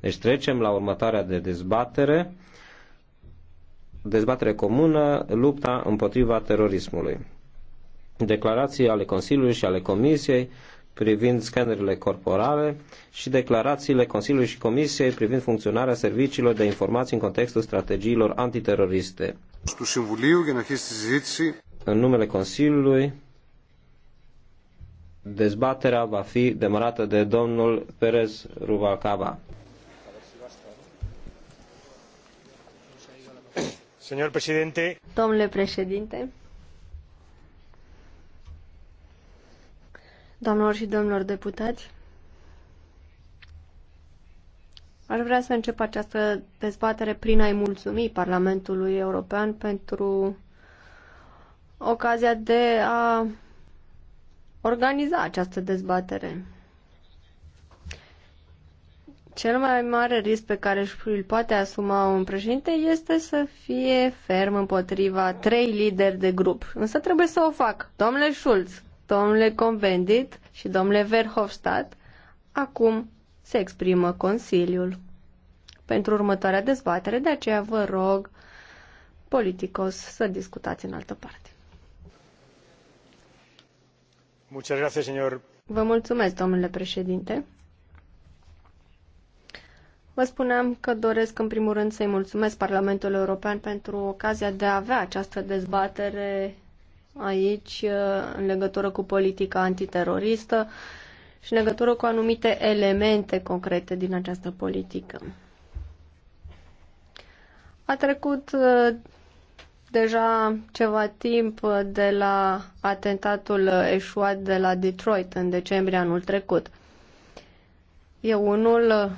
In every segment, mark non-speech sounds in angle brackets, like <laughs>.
Deci trecem la următoarea de dezbatere, dezbatere comună, lupta împotriva terorismului. Declarații ale Consiliului și ale Comisiei privind scanerele corporale și declarațiile Consiliului și Comisiei privind funcționarea serviciilor de informații în contextul strategiilor antiteroriste. În numele Consiliului, dezbaterea va fi demarată de domnul Perez Rubalcaba. Señor presidente. Domnule președinte. Doamnelor și domnilor deputați, Aș vrea să încep această dezbatere prin a-i mulțumi Parlamentului European pentru ocazia de a organiza această dezbatere. Cel mai mare risc pe care îl poate asuma un președinte este să fie ferm împotriva trei lideri de grup. Însă trebuie să o fac. Domnule Schulz, domnule Convendit și domnule Verhofstadt, acum se exprimă Consiliul. Pentru următoarea dezbatere, de aceea vă rog, politicos, să discutați în altă parte. Vă mulțumesc, domnule președinte. Vă spuneam că doresc în primul rând să-i mulțumesc Parlamentul European pentru ocazia de a avea această dezbatere aici în legătură cu politica antiteroristă și în legătură cu anumite elemente concrete din această politică. A trecut uh, deja ceva timp de la atentatul eșuat de la Detroit în decembrie anul trecut. E unul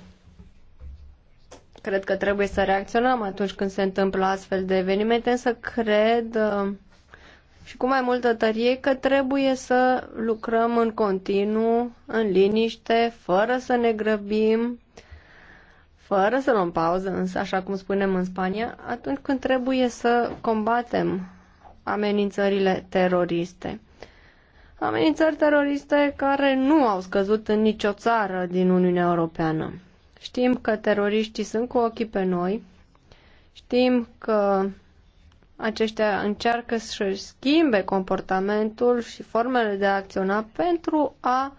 Cred că trebuie să reacționăm atunci când se întâmplă astfel de evenimente, însă cred uh, și cu mai multă tărie că trebuie să lucrăm în continuu, în liniște, fără să ne grăbim, fără să luăm pauză, însă, așa cum spunem în Spania, atunci când trebuie să combatem amenințările teroriste. Amenințări teroriste care nu au scăzut în nicio țară din Uniunea Europeană. Știm că teroriștii sunt cu ochii pe noi, știm că aceștia încearcă să schimbe comportamentul și formele de a acționa pentru a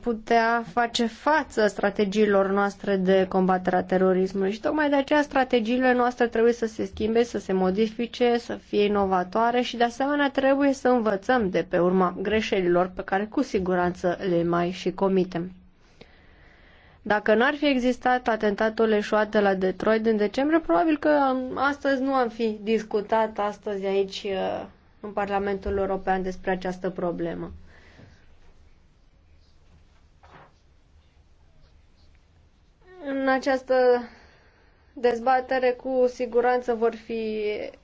putea face față strategiilor noastre de combatere a terorismului și tocmai de aceea strategiile noastre trebuie să se schimbe, să se modifice, să fie inovatoare și de asemenea trebuie să învățăm de pe urma greșelilor pe care cu siguranță le mai și comitem. Dacă n-ar fi existat atentatul eșuat de la Detroit în decembrie, probabil că astăzi nu am fi discutat astăzi aici uh, în Parlamentul European despre această problemă. În această dezbatere cu siguranță vor fi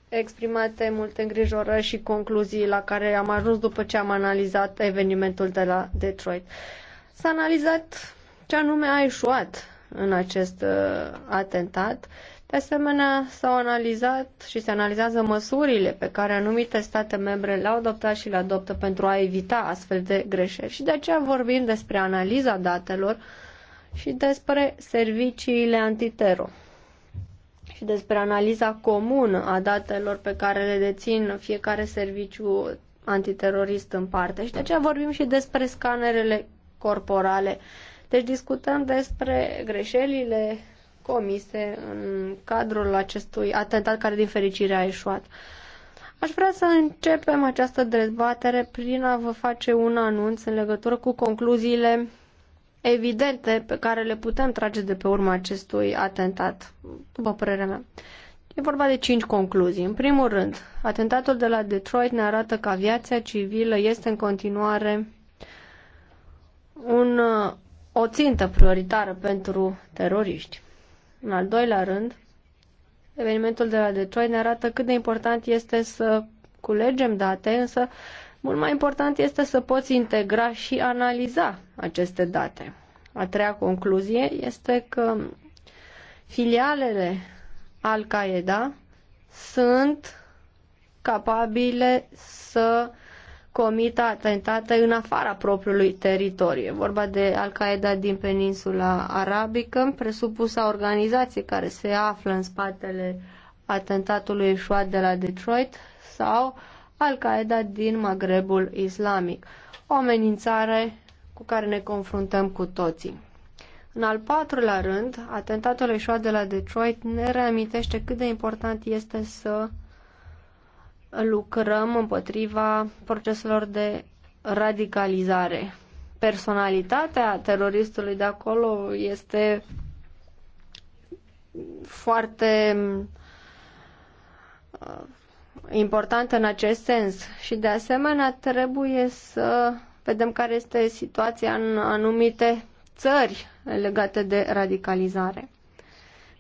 exprimate multe îngrijorări și concluzii la care am ajuns după ce am analizat evenimentul de la Detroit. S-a analizat ce anume a eșuat în acest uh, atentat. De asemenea, s-au analizat și se analizează măsurile pe care anumite state membre le-au adoptat și le adoptă pentru a evita astfel de greșeli. Și de aceea vorbim despre analiza datelor și despre serviciile antitero și despre analiza comună a datelor pe care le dețin fiecare serviciu antiterorist în parte. Și de aceea vorbim și despre scanerele corporale uh, deci discutăm despre greșelile comise în cadrul acestui atentat care din fericire a ieșuat. Aș vrea să începem această dezbatere prin a vă face un anunț în legătură cu concluziile evidente pe care le putem trage de pe urma acestui atentat, după părerea mea. E vorba de cinci concluzii. În primul rând, atentatul de la Detroit ne arată că aviația civilă este în continuare un uh, o țintă prioritară pentru teroriști. În al doilea rând, evenimentul de la Detroit ne arată cât de important este să culegem date, însă mult mai important este să poți integra și analiza aceste date. A treia concluzie este că filialele Al-Qaeda sunt capabile să comit atentate în afara propriului teritoriu. E vorba de Al-Qaeda din peninsula arabică, presupusa organizație care se află în spatele atentatului eșuat de la Detroit sau Al-Qaeda din Magrebul Islamic, o amenințare cu care ne confruntăm cu toții. În al patrulea rând, atentatul eșuat de la Detroit ne reamintește cât de important este să lucrăm împotriva proceselor de radicalizare. Personalitatea teroristului de acolo este foarte uh, importantă în acest sens și de asemenea trebuie să vedem care este situația în anumite țări legate de radicalizare.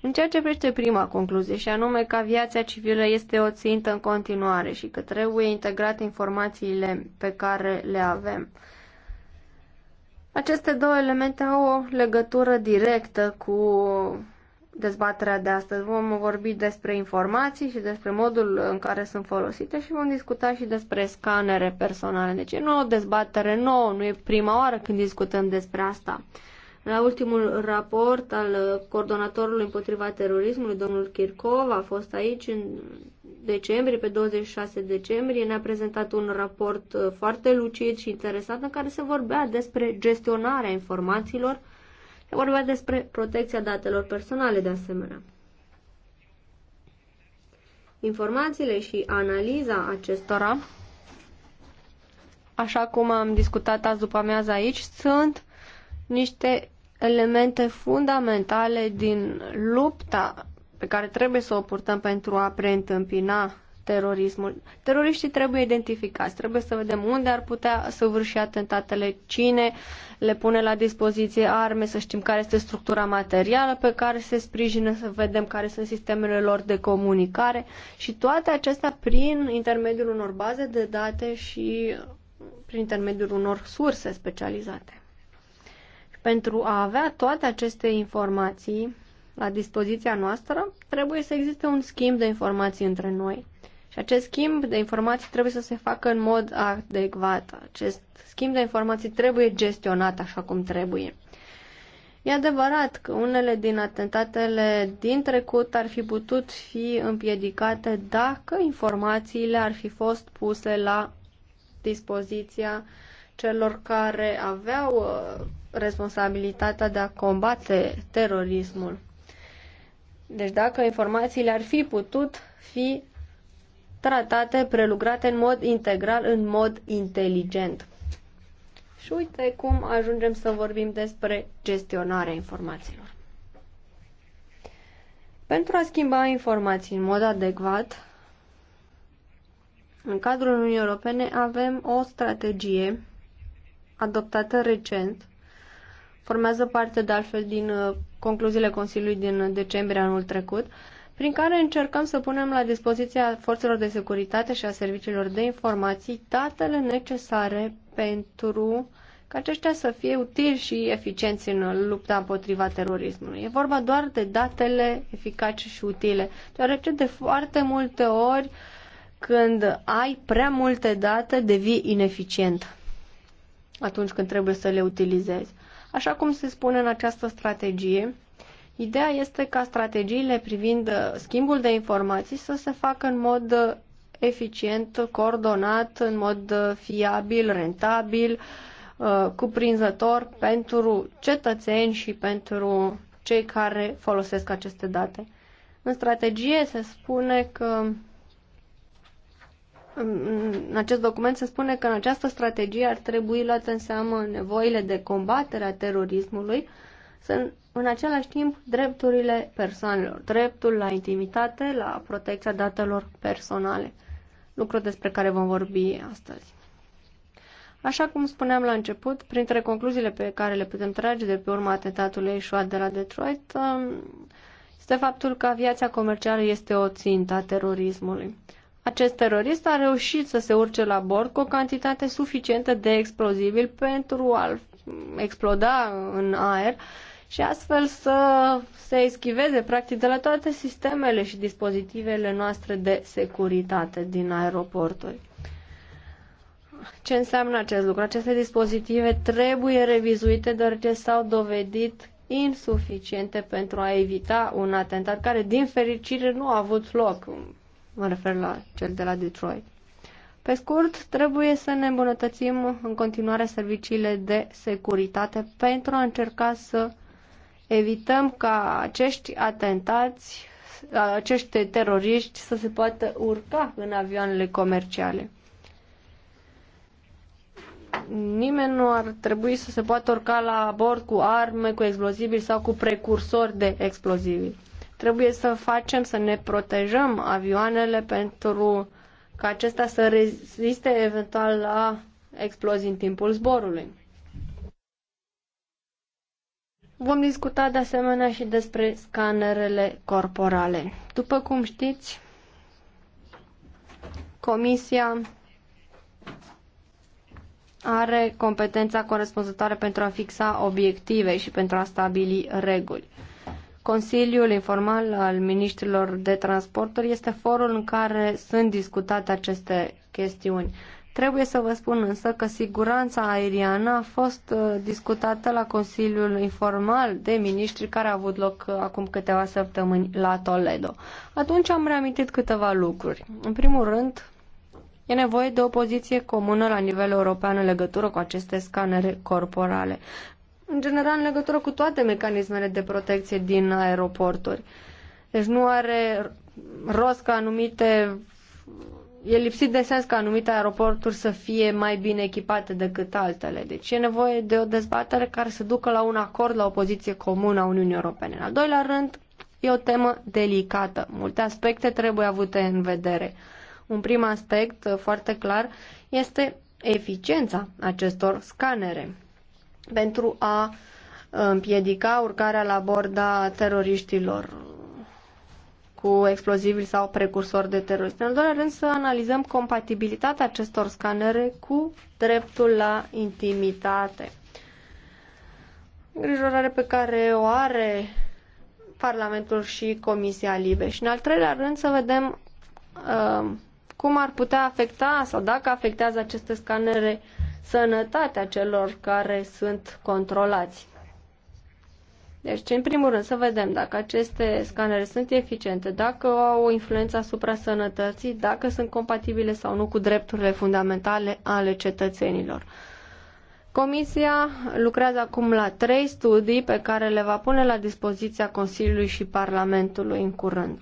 În ceea ce privește prima concluzie, și anume că aviația civilă este o țintă în continuare și că trebuie integrate informațiile pe care le avem. Aceste două elemente au o legătură directă cu dezbaterea de astăzi. Vom vorbi despre informații și despre modul în care sunt folosite și vom discuta și despre scanere personale. Deci nu o dezbatere nouă, nu e prima oară când discutăm despre asta. La ultimul raport al coordonatorului împotriva terorismului, domnul Kirkov, a fost aici în decembrie, pe 26 decembrie, ne-a prezentat un raport uh, foarte lucid și interesant în care se vorbea despre gestionarea informațiilor, se vorbea despre protecția datelor personale de asemenea. Informațiile și analiza acestora, așa cum am discutat azi după amiază aici, sunt niște elemente fundamentale din lupta pe care trebuie să o purtăm pentru a preîntâmpina terorismul. Teroriștii trebuie identificați, trebuie să vedem unde ar putea să vârși atentatele, cine le pune la dispoziție arme, să știm care este structura materială pe care se sprijină, să vedem care sunt sistemele lor de comunicare și toate acestea prin intermediul unor baze de date și prin intermediul unor surse specializate. Pentru a avea toate aceste informații la dispoziția noastră, trebuie să existe un schimb de informații între noi. Și acest schimb de informații trebuie să se facă în mod adecvat. Acest schimb de informații trebuie gestionat așa cum trebuie. E adevărat că unele din atentatele din trecut ar fi putut fi împiedicate dacă informațiile ar fi fost puse la dispoziția celor care aveau uh, responsabilitatea de a combate terorismul. Deci dacă informațiile ar fi putut fi tratate, prelucrate în mod integral, în mod inteligent. Și uite cum ajungem să vorbim despre gestionarea informațiilor. Pentru a schimba informații în mod adecvat, în cadrul Uniunii Europene avem o strategie adoptată recent formează parte de altfel din uh, concluziile Consiliului din decembrie anul trecut, prin care încercăm să punem la dispoziția forțelor de securitate și a serviciilor de informații datele necesare pentru ca aceștia să fie utili și eficienți în lupta împotriva terorismului. E vorba doar de datele eficace și utile, deoarece de foarte multe ori când ai prea multe date devii ineficient atunci când trebuie să le utilizezi. Așa cum se spune în această strategie, ideea este ca strategiile privind uh, schimbul de informații să se facă în mod uh, eficient, coordonat, în mod uh, fiabil, rentabil, cuprinzător pentru cetățeni și pentru cei care folosesc aceste date. În strategie se spune că în acest document se spune că în această strategie ar trebui luată în seamă nevoile de combatere a terorismului, în același timp drepturile persoanelor, dreptul la intimitate, la protecția datelor personale, lucru despre care vom vorbi astăzi. Așa cum spuneam la început, printre concluziile pe care le putem trage de pe urma atentatului eșuat de la Detroit, um, este faptul că aviația comercială este o țintă a terorismului. Acest terorist a reușit să se urce la bord cu o cantitate suficientă de explozibil pentru a exploda în aer și astfel să se eschiveze practic de la toate sistemele și dispozitivele noastre de securitate din aeroporturi. Ce înseamnă acest lucru? Aceste dispozitive trebuie revizuite deoarece s-au dovedit insuficiente pentru a evita un atentat care, din fericire, nu a avut loc. Mă refer la cel de la Detroit. Pe scurt, trebuie să ne îmbunătățim în continuare serviciile de securitate pentru a încerca să evităm ca acești atentați, acești teroriști să se poată urca în avioanele comerciale. Nimeni nu ar trebui să se poată urca la bord cu arme, cu explozibili sau cu precursori de explozibili. Trebuie să facem să ne protejăm avioanele pentru ca acesta să reziste eventual la explozii în timpul zborului. Vom discuta de asemenea și despre scanerele corporale. După cum știți, Comisia are competența corespunzătoare pentru a fixa obiective și pentru a stabili reguli. Consiliul informal al ministrilor de transporturi este forul în care sunt discutate aceste chestiuni. Trebuie să vă spun însă că siguranța aeriană a fost uh, discutată la Consiliul Informal de Ministri care a avut loc uh, acum câteva săptămâni la Toledo. Atunci am reamintit câteva lucruri. În primul rând, e nevoie de o poziție comună la nivel european în legătură cu aceste scanere corporale în general în legătură cu toate mecanismele de protecție din aeroporturi. Deci nu are rost ca anumite e lipsit de sens ca anumite aeroporturi să fie mai bine echipate decât altele. Deci e nevoie de o dezbatere care să ducă la un acord, la o poziție comună a Uniunii Europene. În al doilea rând, e o temă delicată. Multe aspecte trebuie avute în vedere. Un prim aspect foarte clar este eficiența acestor scanere pentru a împiedica urcarea la borda teroriștilor cu explozibili sau precursori de terorism. În al doilea rând să analizăm compatibilitatea acestor scanere cu dreptul la intimitate. Îngrijorare pe care o are Parlamentul și Comisia Libe. Și în al treilea rând să vedem uh, cum ar putea afecta sau dacă afectează aceste scanere uh, sănătatea celor care sunt controlați. Deci, în primul rând, să vedem dacă aceste scanere sunt eficiente, dacă au o influență asupra sănătății, dacă sunt compatibile sau nu cu drepturile fundamentale ale cetățenilor. Comisia lucrează acum la trei studii pe care le va pune la dispoziția Consiliului și Parlamentului în curând.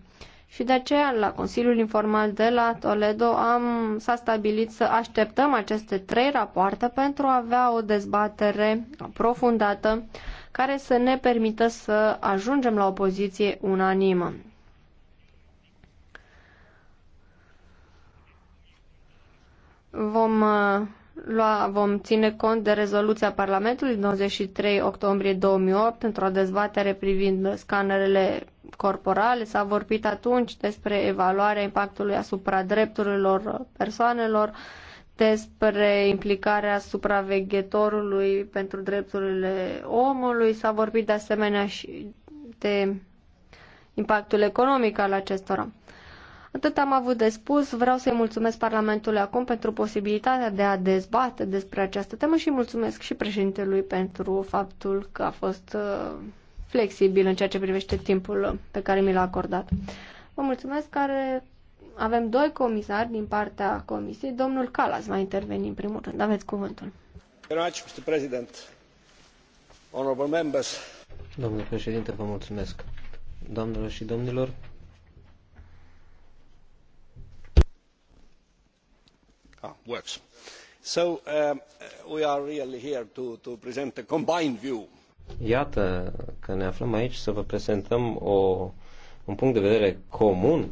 Și de aceea, la Consiliul Informal de la Toledo, am, s-a stabilit să așteptăm aceste trei rapoarte pentru a avea o dezbatere profundată care să ne permită să ajungem la o poziție unanimă. Vom, uh, lua, vom ține cont de rezoluția Parlamentului 23 octombrie 2008 într-o dezbatere privind scanerele corporale, s-a vorbit atunci despre evaluarea impactului asupra drepturilor persoanelor, despre implicarea supraveghetorului pentru drepturile omului, s-a vorbit de asemenea și de impactul economic al acestora. Atât am avut de spus, vreau să-i mulțumesc Parlamentului acum pentru posibilitatea de a dezbate despre această temă și mulțumesc și președintelui pentru faptul că a fost uh, flexibil în ceea ce privește timpul pe care mi l-a acordat. Vă mulțumesc care avem doi comisari din partea comisiei. Domnul Calas va interveni în primul rând. Aveți cuvântul. Domnule președinte, vă mulțumesc. Doamnelor și domnilor, Ah, works. So uh, we are really here to, to present a combined view Iată că ne aflăm aici să vă prezentăm o, un punct de vedere comun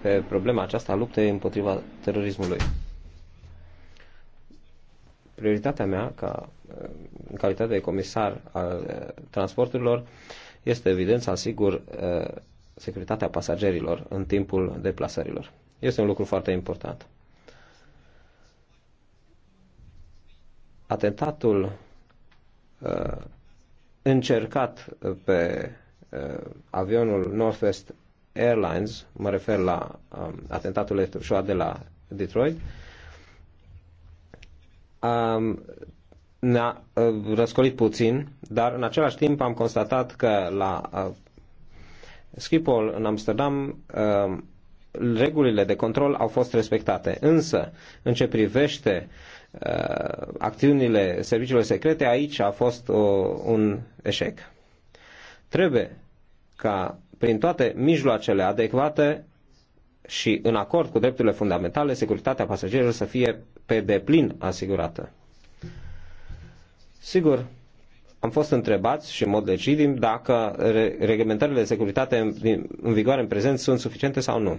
pe problema aceasta a luptei împotriva terorismului. Prioritatea mea, ca, în calitate de comisar al transporturilor, este evident să asigur securitatea pasagerilor în timpul deplasărilor. Este un lucru foarte important. Atentatul Uh, încercat pe uh, avionul Northwest Airlines, mă refer la um, atentatul electroșoa de la Detroit, um, ne-a uh, răscolit puțin, dar în același timp am constatat că la Schiphol în Amsterdam um, regulile de control au fost respectate. Însă, în ce privește uh, Uh, acțiunile serviciilor secrete, aici a fost o, uh, un eșec. Trebuie ca prin toate mijloacele adecvate și în acord cu drepturile fundamentale, securitatea pasagerilor să fie pe deplin asigurată. Sigur, am fost întrebați și în mod legitim dacă reglementările de securitate în, în vigoare în prezent sunt suficiente sau nu.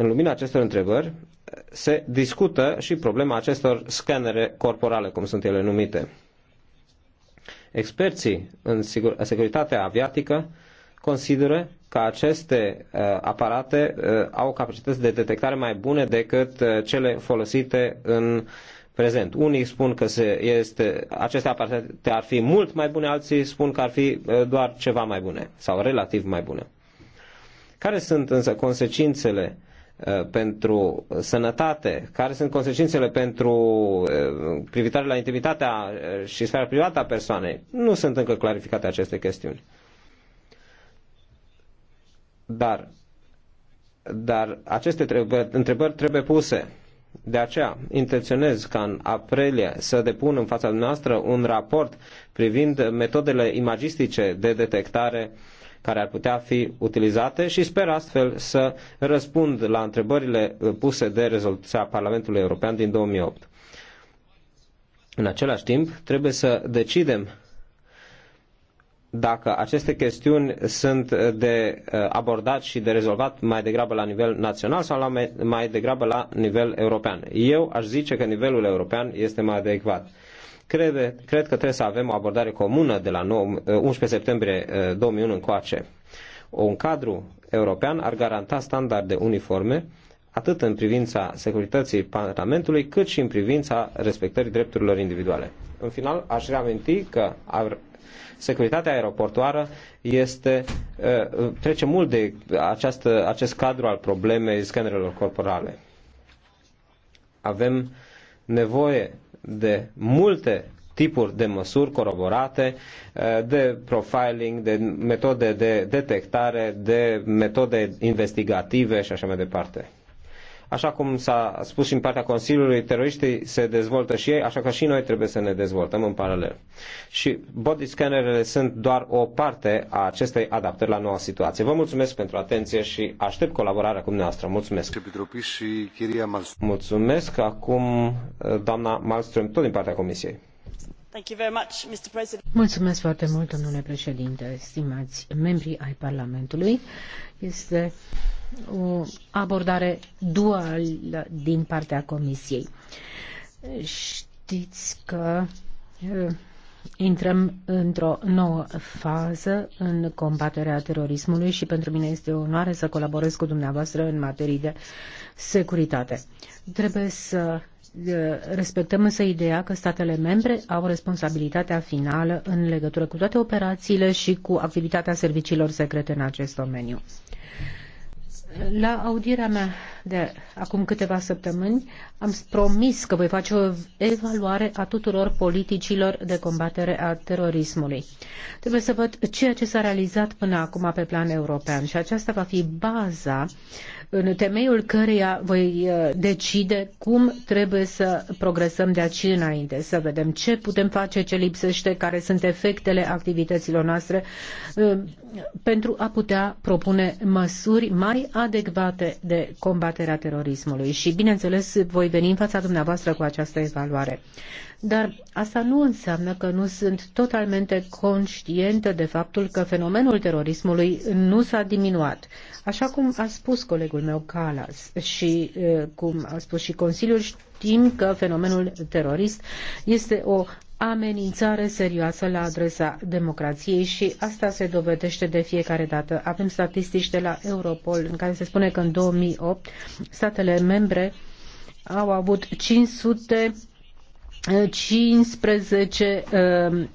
În lumina acestor întrebări se discută și problema acestor scanere corporale, cum sunt ele numite. Experții în securitatea aviatică consideră că aceste uh, aparate uh, au capacități de detectare mai bune decât uh, cele folosite în prezent. Unii spun că se este, aceste aparate ar fi mult mai bune, alții spun că ar fi uh, doar ceva mai bune sau relativ mai bune. Care sunt însă consecințele Uh, pentru sănătate, care sunt consecințele pentru uh, privitare la intimitatea uh, și sfera privată a persoanei, nu sunt încă clarificate aceste chestiuni. Dar, dar aceste trebuie, întrebări trebuie puse. De aceea intenționez ca în aprilie să depun în fața noastră un raport privind metodele imagistice de detectare uh, care ar putea fi utilizate și sper astfel să răspund la întrebările puse de rezoluția Parlamentului European din 2008. În același timp, trebuie să decidem dacă aceste chestiuni sunt de uh, abordat și de rezolvat mai degrabă la nivel național sau la mai degrabă la nivel european. Eu aș zice că nivelul european este mai adecvat. Crede, cred că trebuie să avem o abordare comună de la 9, 11 uh, septembrie 2001 uh, încoace. Un cadru european ar garanta standarde uniforme atât în privința securității Parlamentului, cât și în privința respectării drepturilor individuale. În final, aș reaminti că securitatea aeroportuară este, uh, trece mult de această, acest cadru al problemei scanerelor corporale. Avem nevoie de multe tipuri de măsuri coroborate, eh, de profiling, de metode de detectare, de metode investigative și așa mai departe. Așa cum s-a spus și în partea Consiliului, teroriștii se dezvoltă și ei, așa că și noi trebuie să ne dezvoltăm în paralel. Și body scannerele sunt doar o parte a acestei adaptări la noua situație. Vă mulțumesc pentru atenție și aștept colaborarea cu dumneavoastră. Mulțumesc! Mulțumesc! Acum doamna Malmström, tot din partea Comisiei. Mulțumesc foarte mult, domnule președinte, stimați membri ai Parlamentului. Este o abordare duală din partea Comisiei. Știți că eh, intrăm într-o nouă fază în combaterea terorismului și pentru mine este o onoare să colaborez cu dumneavoastră în materii de securitate. Trebuie să eh, respectăm însă ideea că statele membre au responsabilitatea finală în legătură cu toate operațiile și cu activitatea serviciilor secrete în acest domeniu. La audierea mea de acum câteva săptămâni am promis că voi face o evaluare a tuturor politicilor de combatere a terorismului. Trebuie să văd ceea ce s-a realizat până acum pe plan european și aceasta va fi baza uh, în temeiul căreia voi uh, decide cum trebuie să progresăm de aici înainte, să vedem ce putem face, ce lipsește, care sunt efectele activităților noastre uh, pentru a putea propune măsuri mai adecvate de combaterea terorismului. Și, bineînțeles, voi veni în fața dumneavoastră cu această evaluare. Dar asta nu înseamnă că nu sunt totalmente conștientă de faptul că fenomenul terorismului nu s-a diminuat. Așa cum a spus colegul meu Calas și cum a spus și Consiliul, știm că fenomenul terorist este o amenințare serioasă la adresa democrației și asta se dovedește de fiecare dată. Avem statistici de la Europol în care se spune că în 2008 statele membre au avut 500 15 um,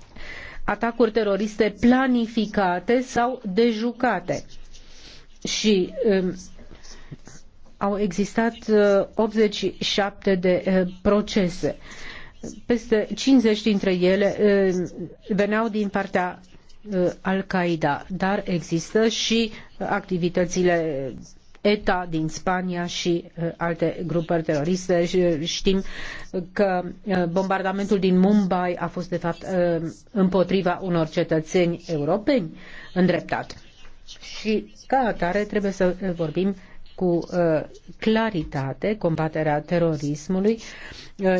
atacuri teroriste planificate sau dejucate. Și um, au existat 87 uh, de uh, procese. Peste 50 dintre ele um, veneau din partea uh, Al-Qaeda, dar există și activitățile ETA din Spania și uh, alte grupări teroriste. Uh, știm că uh, bombardamentul din Mumbai a fost de fapt împotriva unor cetățeni europeni îndreptat. Și ca atare trebuie să vorbim cu claritate combaterea terorismului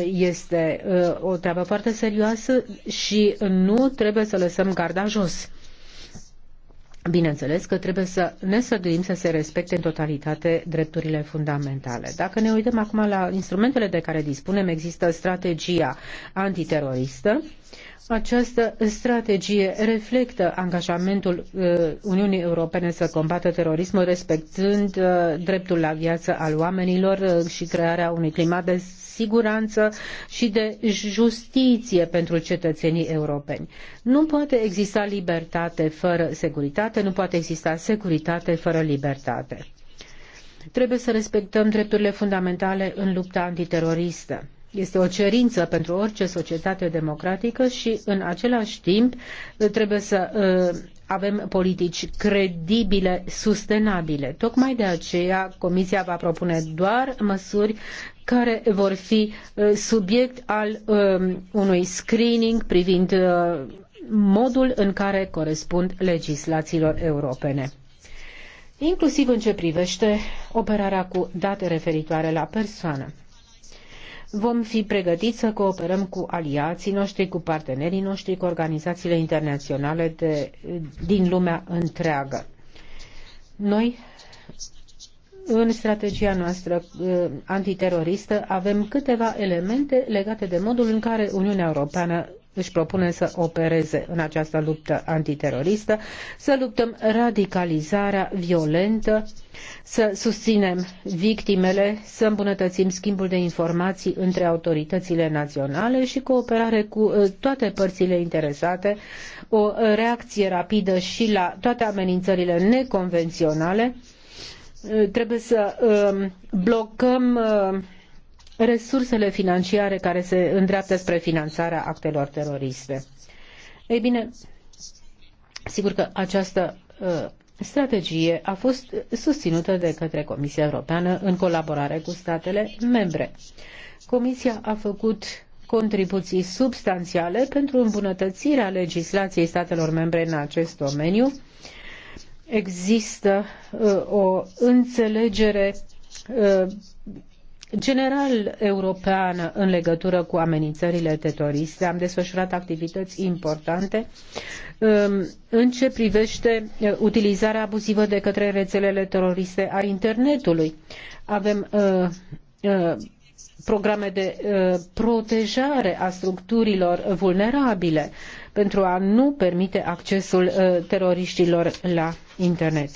este o treabă foarte serioasă și nu trebuie să lăsăm garda jos Bineînțeles că trebuie să ne săduim să se respecte în totalitate drepturile fundamentale. Dacă ne uităm acum la instrumentele de care dispunem, există strategia antiteroristă, această strategie reflectă angajamentul uh, Uniunii Europene să combată terorismul, respectând uh, dreptul la viață al oamenilor uh, și crearea unui climat de siguranță și de justiție pentru cetățenii europeni. Nu poate exista libertate fără securitate, nu poate exista securitate fără libertate. Trebuie să respectăm drepturile fundamentale în lupta antiteroristă este o cerință pentru orice societate democratică și în același timp trebuie să uh, avem politici credibile, sustenabile. Tocmai de aceea Comisia va propune doar măsuri care vor fi uh, subiect al uh, unui screening privind modul în care corespund legislațiilor europene inclusiv în ce privește operarea cu date referitoare la persoană vom fi pregătiți să cooperăm cu aliații noștri, cu partenerii noștri, cu organizațiile internaționale de, din lumea întreagă. Noi, în strategia noastră uh, antiteroristă, avem câteva elemente legate de modul în care Uniunea Europeană își propune să opereze în această luptă antiteroristă, să luptăm radicalizarea violentă, să susținem victimele, să îmbunătățim schimbul de informații între autoritățile naționale și cooperare cu uh, toate părțile interesate, o reacție rapidă și la toate amenințările neconvenționale. Uh, trebuie să um, blocăm uh, resursele financiare care se îndreaptă spre finanțarea actelor teroriste. Ei bine, sigur că această uh, strategie a fost susținută de către Comisia Europeană în colaborare cu statele membre. Comisia a făcut contribuții substanțiale pentru îmbunătățirea legislației statelor membre în acest domeniu. Există uh, o înțelegere uh, general european în legătură cu amenințările teroriste. Am desfășurat activități importante um, în ce privește uh, utilizarea abuzivă de către rețelele teroriste a internetului. Avem uh, uh, programe de protejare a structurilor vulnerabile pentru a nu permite accesul teroriștilor la internet.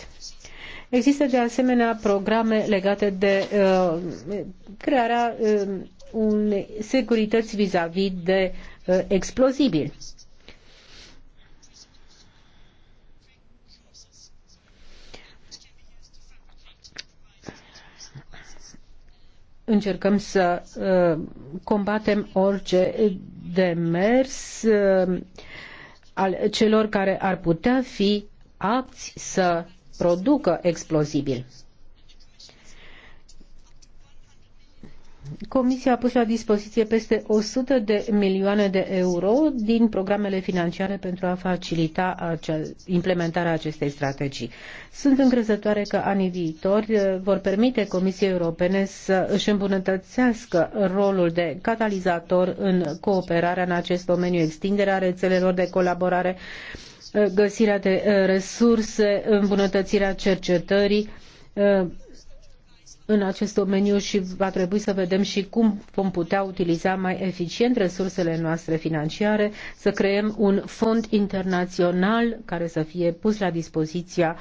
Există de asemenea programe legate de uh, crearea uh, unei securități vis-a-vis de uh, explozibili. încercăm să uh, combatem orice demers uh, al celor care ar putea fi apți să producă explozibili. Comisia a pus la dispoziție peste 100 de milioane de euro din programele financiare pentru a facilita acea, implementarea acestei strategii. Sunt încrezătoare că anii viitori eh, vor permite Comisiei Europene să își îmbunătățească rolul de catalizator în cooperarea în acest domeniu, extinderea rețelelor de colaborare, uh, Uh, găsirea de uh, resurse, îmbunătățirea cercetării uh, în acest domeniu și va trebui să vedem și cum vom putea utiliza mai eficient resursele noastre financiare, să creăm un fond internațional care să fie pus la dispoziția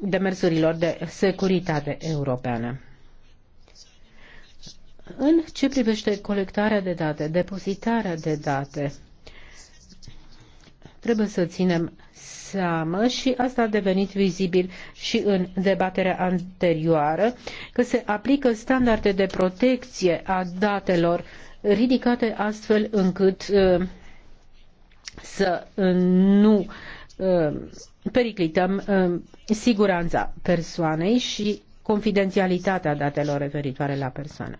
demersurilor de securitate europeană. În ce privește colectarea de date, depozitarea de date, trebuie să ținem seamă și asta a devenit vizibil și în debaterea anterioară, că se aplică standarde de protecție a datelor ridicate astfel încât uh, să nu uh, periclităm uh, siguranța persoanei și confidențialitatea datelor referitoare la persoană.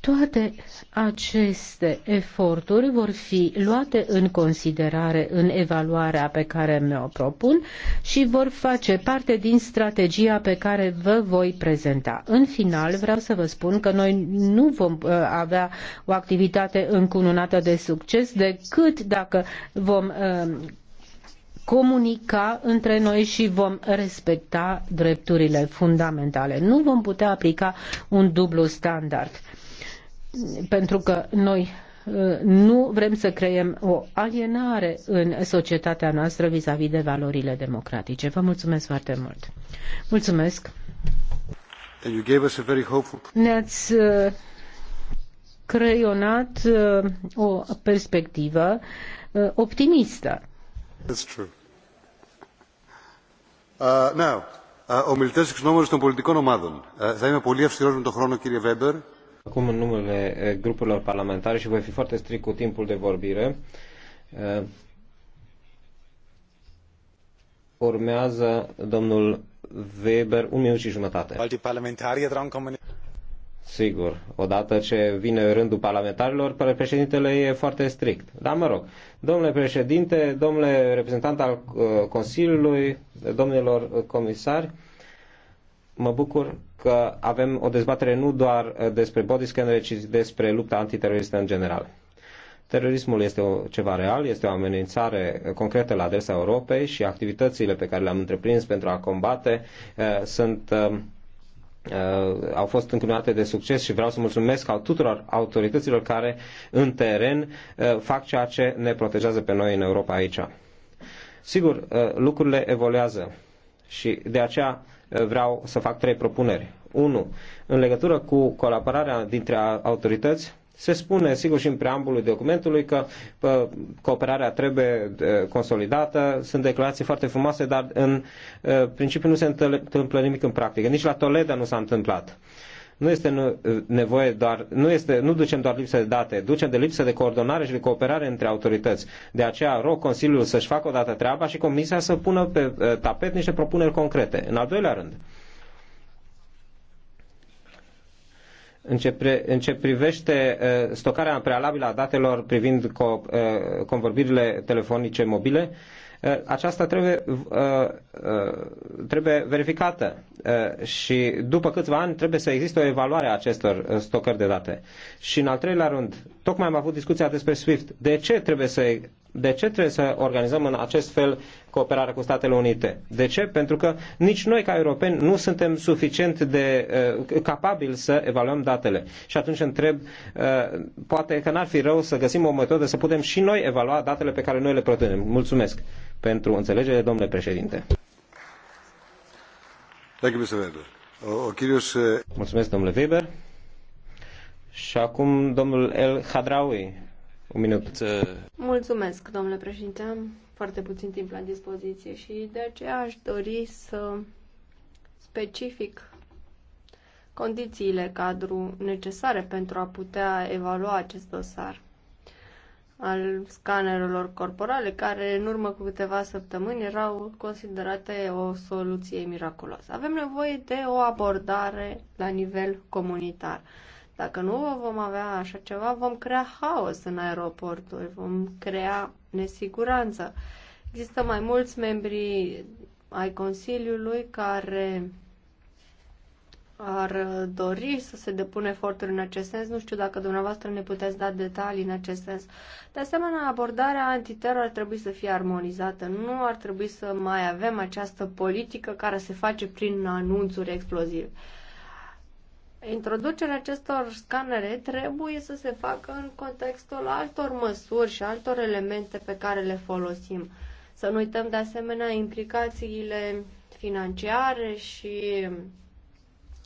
Toate aceste eforturi vor fi luate în considerare în evaluarea pe care mi-o propun și vor face parte din strategia pe care vă voi prezenta. În final, vreau să vă spun că noi nu vom uh, avea o activitate încununată de succes decât dacă vom uh, comunica între noi și vom respecta drepturile fundamentale. Nu vom putea aplica un dublu standard pentru că noi uh, nu vrem să creăm o alienare în societatea noastră vis-a-vis -vis de valorile democratice. Vă mulțumesc foarte mult. Mulțumesc. Ne-ați uh, creionat uh, o perspectivă optimistă. That's true. Uh, now, uh, ο μιλητές εξ των πολιτικών ομάδων. Uh, θα είμαι πολύ αυστηρός με τον χρόνο, κύριε Βέμπερ acum în numele grupurilor parlamentare și voi fi foarte strict cu timpul de vorbire. Urmează domnul Weber un minut și jumătate. Sigur, odată ce vine rândul parlamentarilor, președintele e foarte strict. Dar mă rog, domnule președinte, domnule reprezentant al Consiliului, domnilor comisari, mă bucur că avem o dezbatere nu doar uh, despre body scanner, ci despre lupta antiteroristă în general. Terorismul este o, ceva real, este o amenințare uh, concretă la adresa Europei și activitățile pe care le-am întreprins pentru a combate uh, sunt uh, uh, au fost încununate de succes și vreau să mulțumesc al tuturor autorităților care în teren uh, fac ceea ce ne protejează pe noi în Europa aici. Sigur, uh, lucrurile evoluează și de aceea vreau să fac trei propuneri. 1. În legătură cu colaborarea dintre autorități, se spune, sigur, și în preambulul documentului că pă, cooperarea trebuie consolidată, sunt declarații foarte frumoase, dar în ă, principiu nu se întâmplă nimic în practică. Nici la Toledo nu s-a întâmplat. Nu este nevoie doar, nu, este, nu ducem doar lipsă de date, ducem de lipsă de coordonare și de cooperare între autorități. De aceea rog Consiliul să-și facă o dată treaba și Comisia să pună pe eh, tapet niște propuneri concrete. În al doilea rând, În ce, pre, în ce privește uh, stocarea prealabilă a datelor privind co, uh, convorbirile telefonice mobile, uh, Uh, aceasta trebuie, uh, uh, trebuie verificată și după câțiva ani trebuie să existe o evaluare a acestor stocări de date. Și în al treilea rând, tocmai am avut discuția despre SWIFT. De ce trebuie să de ce trebuie să organizăm în acest fel cooperarea cu Statele Unite? De ce? Pentru că nici noi ca europeni nu suntem suficient de uh, capabili să evaluăm datele. Și atunci întreb, uh, poate că n-ar fi rău să găsim o metodă să putem și noi evalua datele pe care noi le propunem. Mulțumesc pentru înțelegere, domnule președinte. Uh, Mulțumesc, domnule Weber. Și acum domnul El Hadraui un minut. Mulțumesc, domnule președinte. Am foarte puțin timp la dispoziție și de aceea aș dori să specific condițiile cadru necesare pentru a putea evalua acest dosar al scanerelor corporale, care în urmă cu câteva săptămâni erau considerate o soluție miraculoasă. Avem nevoie de o abordare la nivel comunitar. Dacă nu vom avea așa ceva, vom crea haos în aeroporturi, vom crea nesiguranță. Există mai mulți membri ai Consiliului care ar dori să se depună eforturi în acest sens. Nu știu dacă dumneavoastră ne puteți da detalii în acest sens. De asemenea, abordarea antiteror ar trebui să fie armonizată. Nu ar trebui să mai avem această politică care se face prin anunțuri explozive. Introducerea acestor scanere trebuie să se facă în contextul altor măsuri și altor elemente pe care le folosim. Să nu uităm de asemenea implicațiile financiare și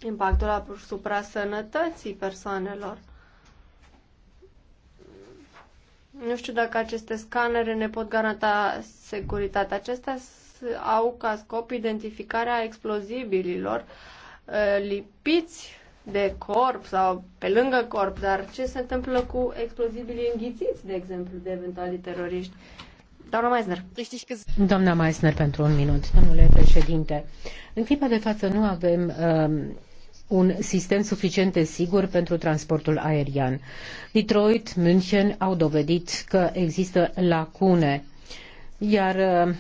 impactul asupra sănătății persoanelor. Nu știu dacă aceste scanere ne pot garanta securitatea. Acestea au ca scop identificarea explozibililor eh, lipiți de corp sau pe lângă corp, dar ce se întâmplă cu explozibilii înghițiți, de exemplu, de eventuali teroriști? Doamna Meisner. Doamna Meisner, pentru un minut. Domnule președinte, în clipa de față nu avem um, un sistem suficient de sigur pentru transportul aerian. Detroit, München au dovedit că există lacune iar uh,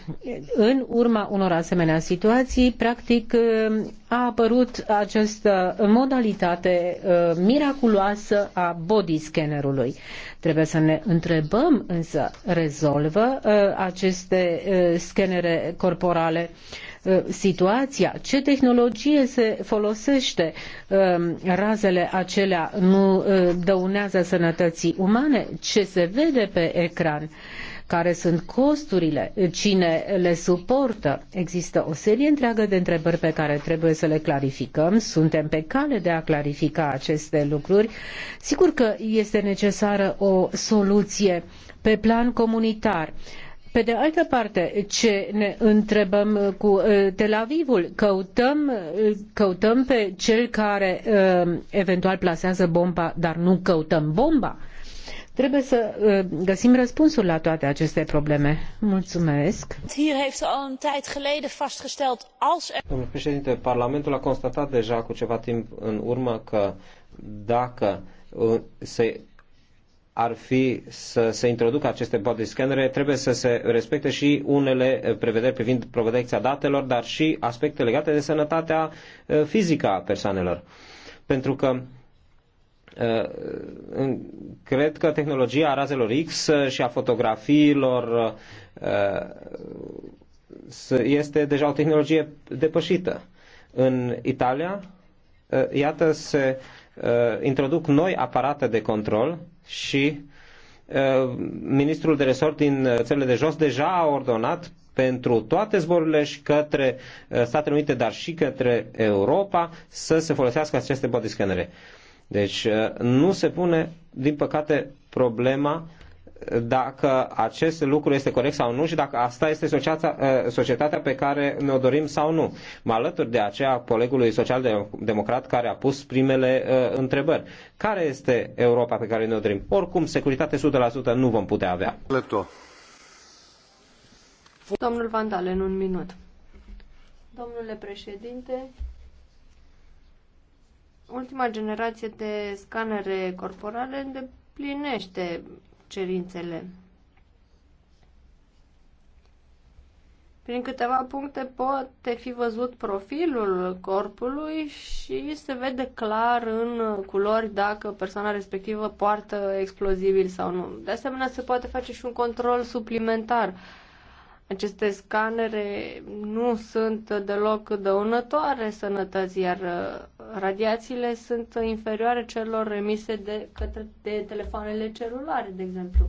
în urma unor asemenea situații, practic, uh, a apărut această modalitate uh, miraculoasă a body scannerului. Trebuie să ne întrebăm însă, rezolvă aceste scanere corporale situația, ce tehnologie se folosește, um, razele acelea nu dăunează sănătății umane, ce se vede pe ecran care sunt costurile, cine le suportă. Există o serie întreagă de întrebări pe care trebuie să le clarificăm. Suntem pe cale de a clarifica aceste lucruri. Sigur că este necesară o soluție pe plan comunitar. Pe de altă parte, ce ne întrebăm cu uh, Tel Avivul? Căutăm, uh, căutăm pe cel care uh, eventual plasează bomba, dar nu căutăm bomba. Trebuie să uh, găsim răspunsul la toate aceste probleme. Mulțumesc. Hier heeft al een tijd geleden vastgesteld als er- Domnul președinte, Parlamentul a constatat deja cu ceva timp în urmă că dacă uh, se ar fi să se introducă aceste body scannere, trebuie să se respecte și unele uh, prevederi privind protecția datelor, dar și aspecte legate de sănătatea fizică a persoanelor. Pentru că Uh, cred că tehnologia razelor X și a fotografiilor uh, este deja o tehnologie depășită. În Italia, uh, iată, se introduc noi aparate de control și ministrul de resort din țările de jos deja a ordonat pentru toate zborurile și către Statele Unite, dar și către Europa, să se folosească aceste body scanere. Uh, deci uh, nu se pune, din păcate, problema uh, dacă acest lucru este corect sau nu și dacă asta este uh, societatea pe care ne-o dorim sau nu. Mă alătur de aceea colegului social-democrat care a pus primele uh, întrebări. Care este Europa pe care ne-o dorim? Oricum, securitate 100% nu vom putea avea. Lepto. Domnul Vandalen, un minut. Domnule președinte, ultima generație de scanere corporale îndeplinește cerințele. Prin câteva puncte poate fi văzut profilul corpului și se vede clar în culori dacă persoana respectivă poartă explozibil sau nu. De asemenea, se poate face și un control suplimentar. Aceste scanere nu sunt deloc dăunătoare sănătății, iar Radiațiile sunt inferioare celor emise de, către, de telefoanele celulare, de exemplu.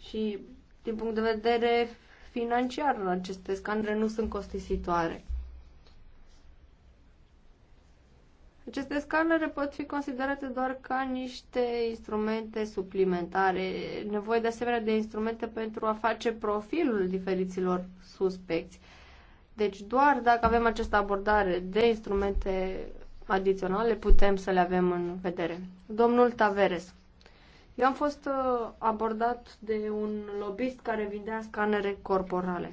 Și din punct de vedere financiar, aceste scanere nu sunt costisitoare. Aceste scanere pot fi considerate doar ca niște instrumente suplimentare, nevoie de asemenea de instrumente pentru a face profilul diferiților suspecți. Deci doar dacă avem această abordare de instrumente adiționale putem să le avem în vedere. Domnul Taveres, eu am fost uh, abordat de un lobist care vindea scanere corporale.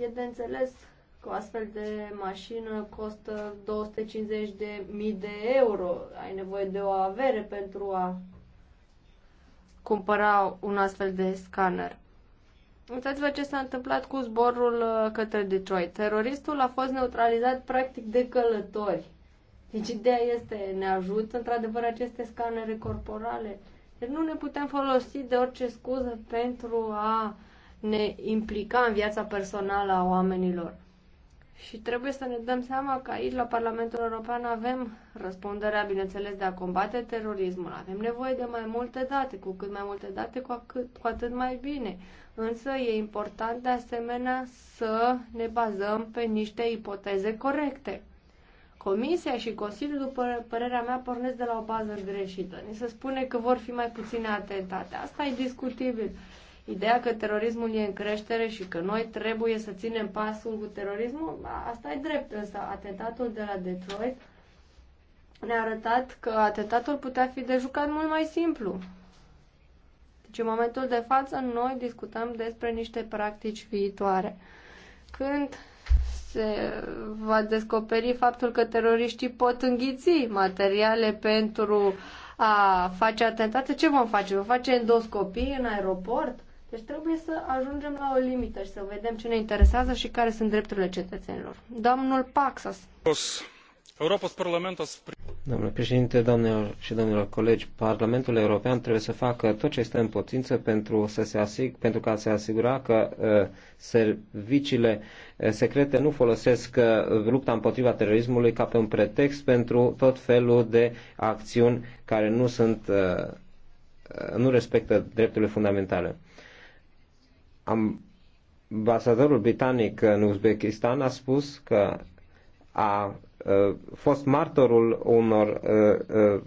E de înțeles că o astfel de mașină costă 250.000 de euro. Ai nevoie de o avere pentru a cumpăra un astfel de scanner. Uitați-vă ce s-a întâmplat cu zborul uh, către Detroit. Teroristul a fost neutralizat practic de călători. Deci ideea este, ne ajută într-adevăr aceste scanere corporale. Deci nu ne putem folosi de orice scuză pentru a ne implica în viața personală a oamenilor. Și trebuie să ne dăm seama că aici, la Parlamentul European, avem răspunderea, bineînțeles, de a combate terorismul. Avem nevoie de mai multe date. Cu cât mai multe date, cu, cât, cu atât mai bine. Însă e important, de asemenea, să ne bazăm pe niște ipoteze corecte. Comisia și Consiliul, după părerea mea, pornesc de la o bază greșită. Ni se spune că vor fi mai puține atentate. Asta e discutibil. Ideea că terorismul e în creștere și că noi trebuie să ținem pasul cu terorismul, asta e drept, însă atentatul de la Detroit ne-a arătat că atentatul putea fi de jucat mult mai simplu. Deci în momentul de față noi discutăm despre niște practici viitoare. Când se va descoperi faptul că teroriștii pot înghiți materiale pentru a face atentate, ce vom face? Vom face endoscopii în aeroport? Deci trebuie să ajungem la o limită și să vedem ce ne interesează și care sunt drepturile cetățenilor. Domnul Paxas. Domnule președinte, doamnelor și domnilor colegi, Parlamentul European trebuie să facă tot ce este în putință pentru, să se asig- pentru ca să se asigura că uh, serviciile uh, secrete nu folosesc uh, lupta împotriva terorismului ca pe un pretext pentru tot felul de acțiuni care nu sunt uh, uh nu respectă drepturile fundamentale ambasadorul britanic în Uzbekistan a spus că a uh, fost martorul unor uh, uh,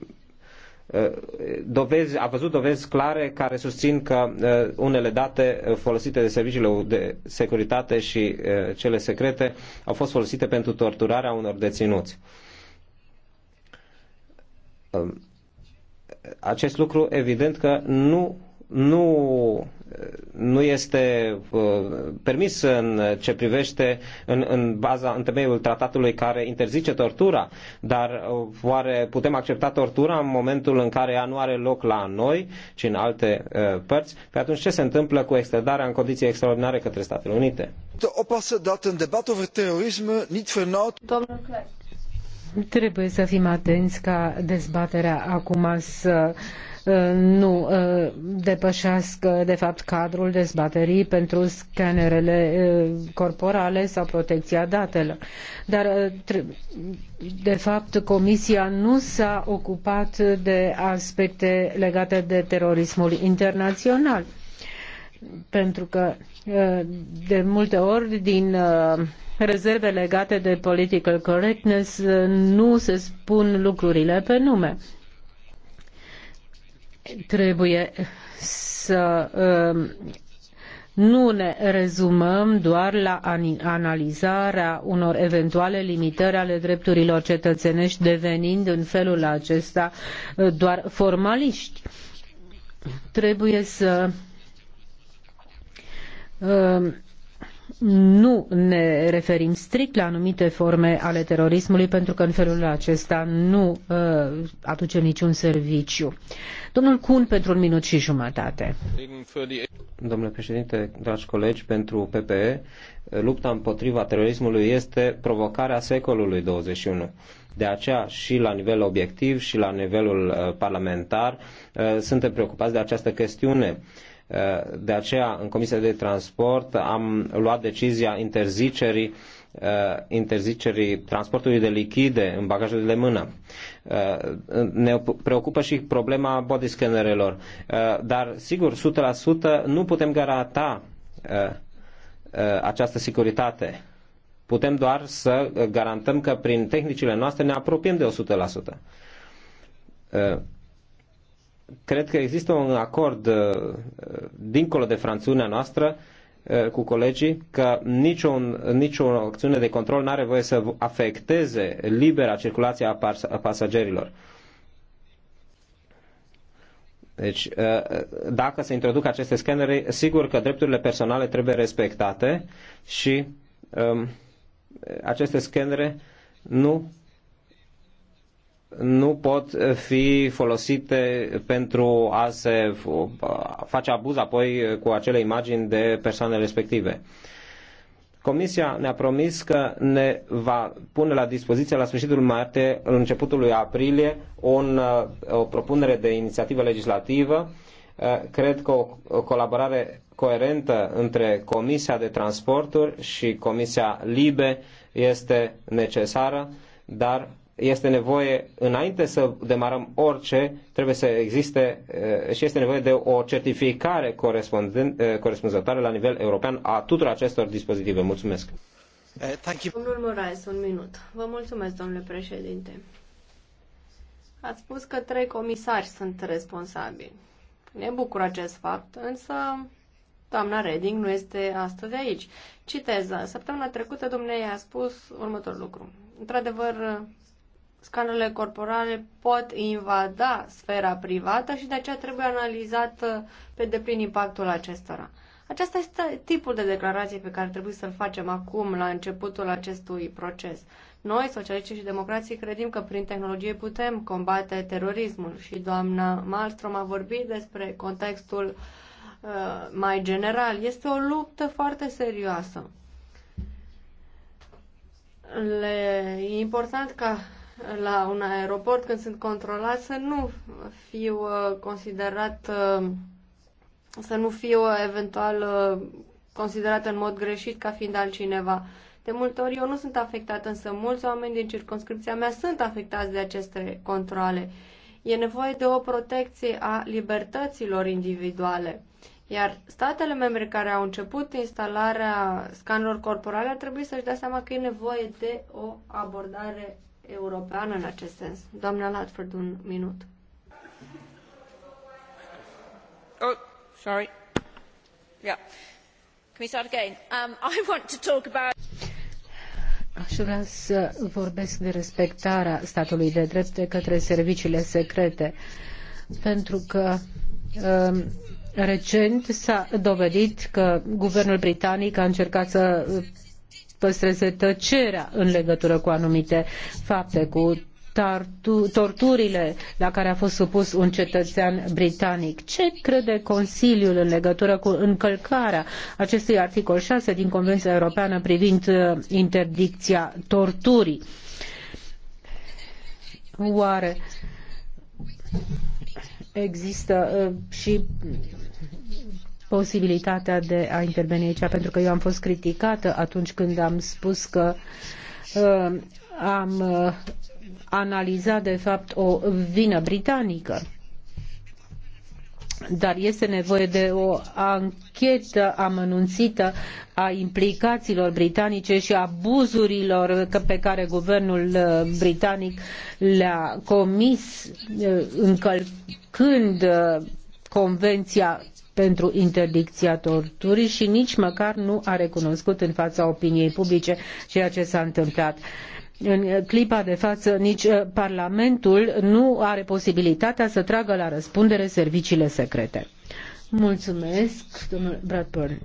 dovezi, a văzut dovezi clare care susțin că unele date folosite de serviciile de securitate și cele secrete au fost folosite pentru torturarea unor deținuți. Um, acest lucru evident că nu nu, nu este uh, permis în ce privește în, în baza, în temeiul tratatului care interzice tortura, dar uh, oare putem accepta tortura în momentul în care ea nu are loc la noi, ci în alte uh, părți? Pe atunci ce se întâmplă cu extradarea în condiții extraordinare către Statele Unite? Te debat over Domnul Kleist. Trebuie să fim atenți ca dezbaterea acum să uh, nu uh, depășească, de fapt, cadrul dezbaterii pentru scanerele uh, corporale sau protecția datelor. Dar, de fapt, Comisia nu s-a ocupat de aspecte legate de terorismul internațional. Pentru că de multe ori din uh, rezerve legate de political correctness uh, nu se spun lucrurile pe nume. Trebuie să uh, nu ne rezumăm doar la analizarea unor eventuale limitări ale drepturilor cetățenești, devenind în felul acesta doar formaliști. Trebuie să Ehm, nu ne referim strict la anumite forme ale terorismului, pentru că în felul acesta nu uh, eh, aduce niciun serviciu. Domnul Cun, pentru un minut și jumătate. Domnule președinte, dragi colegi, pentru PPE, lupta împotriva terorismului este provocarea secolului 21. De aceea și la nivel obiectiv și la nivelul eh, parlamentar eh, suntem preocupați de această chestiune Eh, de aceea, în Comisia de Transport am luat decizia interzicerii eh, interzicerii transportului de lichide în bagajele de mână. Eh, ne preocupă și problema body scannerelor, dar sigur, 100% nu putem garanta această securitate. Putem doar să garantăm că prin tehnicile noastre ne apropiem de 100% cred că există un acord uh, dincolo de franțiunea noastră uh, cu colegii că niciun, nicio acțiune de control nu are voie să afecteze libera circulație a, a pasagerilor. Deci, uh, dacă se introduc aceste scanere, sigur că drepturile personale trebuie respectate și um, aceste scanere nu nu pot fi folosite pentru a se face abuz apoi cu acele imagini de persoane respective. Comisia ne-a promis că ne va pune la dispoziție la sfârșitul martie, în începutul lui aprilie, un, o propunere de inițiativă legislativă. Cred că o, o colaborare coerentă între Comisia de Transporturi și Comisia Libe este necesară, dar este nevoie, înainte să demarăm orice, trebuie să existe eh, și este nevoie de o certificare eh, corespunzătoare la nivel european a tuturor acestor dispozitive. Mulțumesc! Eh, thank you. Domnul Moraes, un minut. Vă mulțumesc, domnule președinte. Ați spus că trei comisari sunt responsabili. Ne bucur acest fapt, însă doamna Reding nu este astăzi aici. Citez, săptămâna trecută domnei a spus următorul lucru. Într-adevăr, scanurile corporale pot invada sfera privată și de aceea trebuie analizat uh, pe deplin impactul acestora. Aceasta este tipul de declarație pe care trebuie să-l facem acum, la începutul acestui proces. Noi, socialiștii și democrații, credem că prin tehnologie putem combate terorismul și doamna Malmström a vorbit despre contextul uh, mai general. Este o luptă foarte serioasă. Le, e important ca la un aeroport când sunt controlat să nu fiu uh, considerat uh, să nu fiu uh, eventual considerat în mod greșit ca fiind altcineva. De multe ori eu nu sunt afectat, însă mulți oameni din circunscripția mea sunt afectați de aceste controle. E nevoie de o protecție a libertăților individuale. Iar statele membre care au început instalarea scanurilor corporale ar trebui să-și dea seama că e nevoie de o abordare europeană în acest sens. Doamna Latford, un minut. Oh, sorry. Yeah. Can we start again? Um, <laughs> I want to talk about Aș vrea să vorbesc de respectarea statului de drept de către serviciile secrete, pentru că um, recent s-a dovedit că guvernul britanic a încercat să păstreze tăcerea în legătură cu anumite fapte, cu torturile la care a fost supus un cetățean britanic. Ce crede Consiliul în legătură cu încălcarea acestui articol 6 din Convenția Europeană privind uh, interdicția torturii? Oare există uh, și posibilitatea de a interveni aici, pentru că eu am fost criticată atunci când am spus că uh, am uh, analizat, de fapt, o vină britanică dar este nevoie de o anchetă amănunțită a implicațiilor britanice și abuzurilor pe care guvernul uh, britanic le-a comis uh, încălcând uh, convenția pentru interdicția torturii și nici măcar nu a recunoscut în fața opiniei publice ceea ce s-a întâmplat. În clipa de față, nici uh, Parlamentul nu are posibilitatea să tragă la răspundere serviciile secrete. Mulțumesc, domnule Bradburn.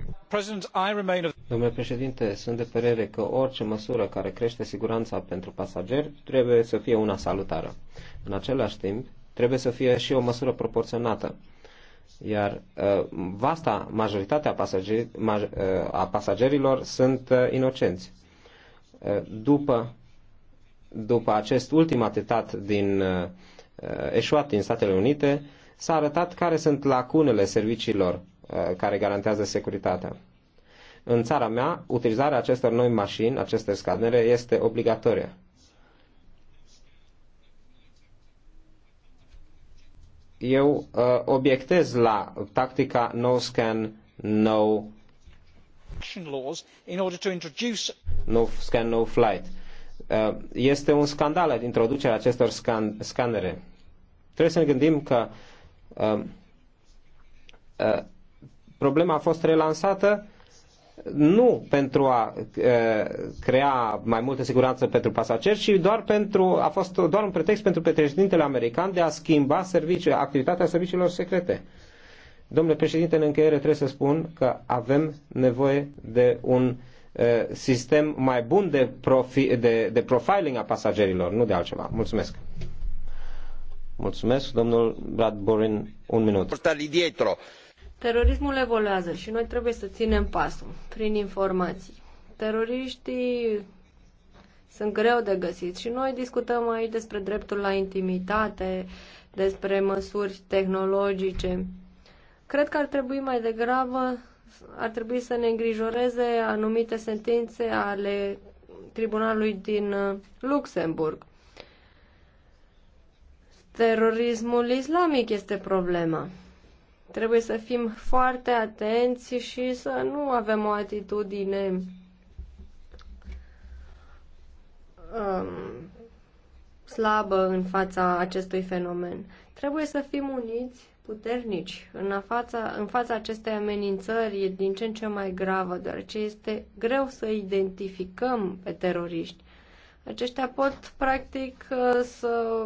Domnule președinte, sunt de părere că orice măsură care crește siguranța pentru pasageri trebuie să fie una salutară. În același timp, trebuie să fie și o măsură proporționată iar uh, vasta majoritatea pasager, maj, uh, a pasagerilor sunt uh, inocenți. Uh, după, după acest ultim atentat din uh, uh, eșuat din Statele Unite, s-a arătat care sunt lacunele serviciilor uh, care garantează securitatea. În țara mea, utilizarea acestor noi mașini, acestor scanere, este obligatorie. eu uh, obiectez la tactica no scan, no no scan, no flight. Uh, este un scandal introducerea acestor scan, scanere. Trebuie să ne gândim că uh, uh, problema a fost relansată nu pentru a uh, crea mai multă siguranță pentru pasageri, ci doar pentru, a fost doar un pretext pentru președintele american de a schimba serviciul, activitatea serviciilor secrete. Domnule președinte, în încheiere trebuie să spun că avem nevoie de un uh, sistem mai bun de, profi, de, de profiling a pasagerilor, nu de altceva. Mulțumesc. Mulțumesc, domnul Brad Borin, un minut. Portali dietro Terorismul evoluează și noi trebuie să ținem pasul prin informații. Teroriștii sunt greu de găsit și noi discutăm aici despre dreptul la intimitate, despre măsuri tehnologice. Cred că ar trebui mai degrabă ar trebui să ne îngrijoreze anumite sentințe ale tribunalului din uh, Luxemburg. Terorismul islamic este problema. Trebuie să fim foarte atenți și să nu avem o atitudine um, slabă în fața acestui fenomen. Trebuie să fim uniți, puternici, în fața, în fața acestei amenințări e din ce în ce mai gravă, deoarece este greu să identificăm pe teroriști. Aceștia pot, practic, uh, să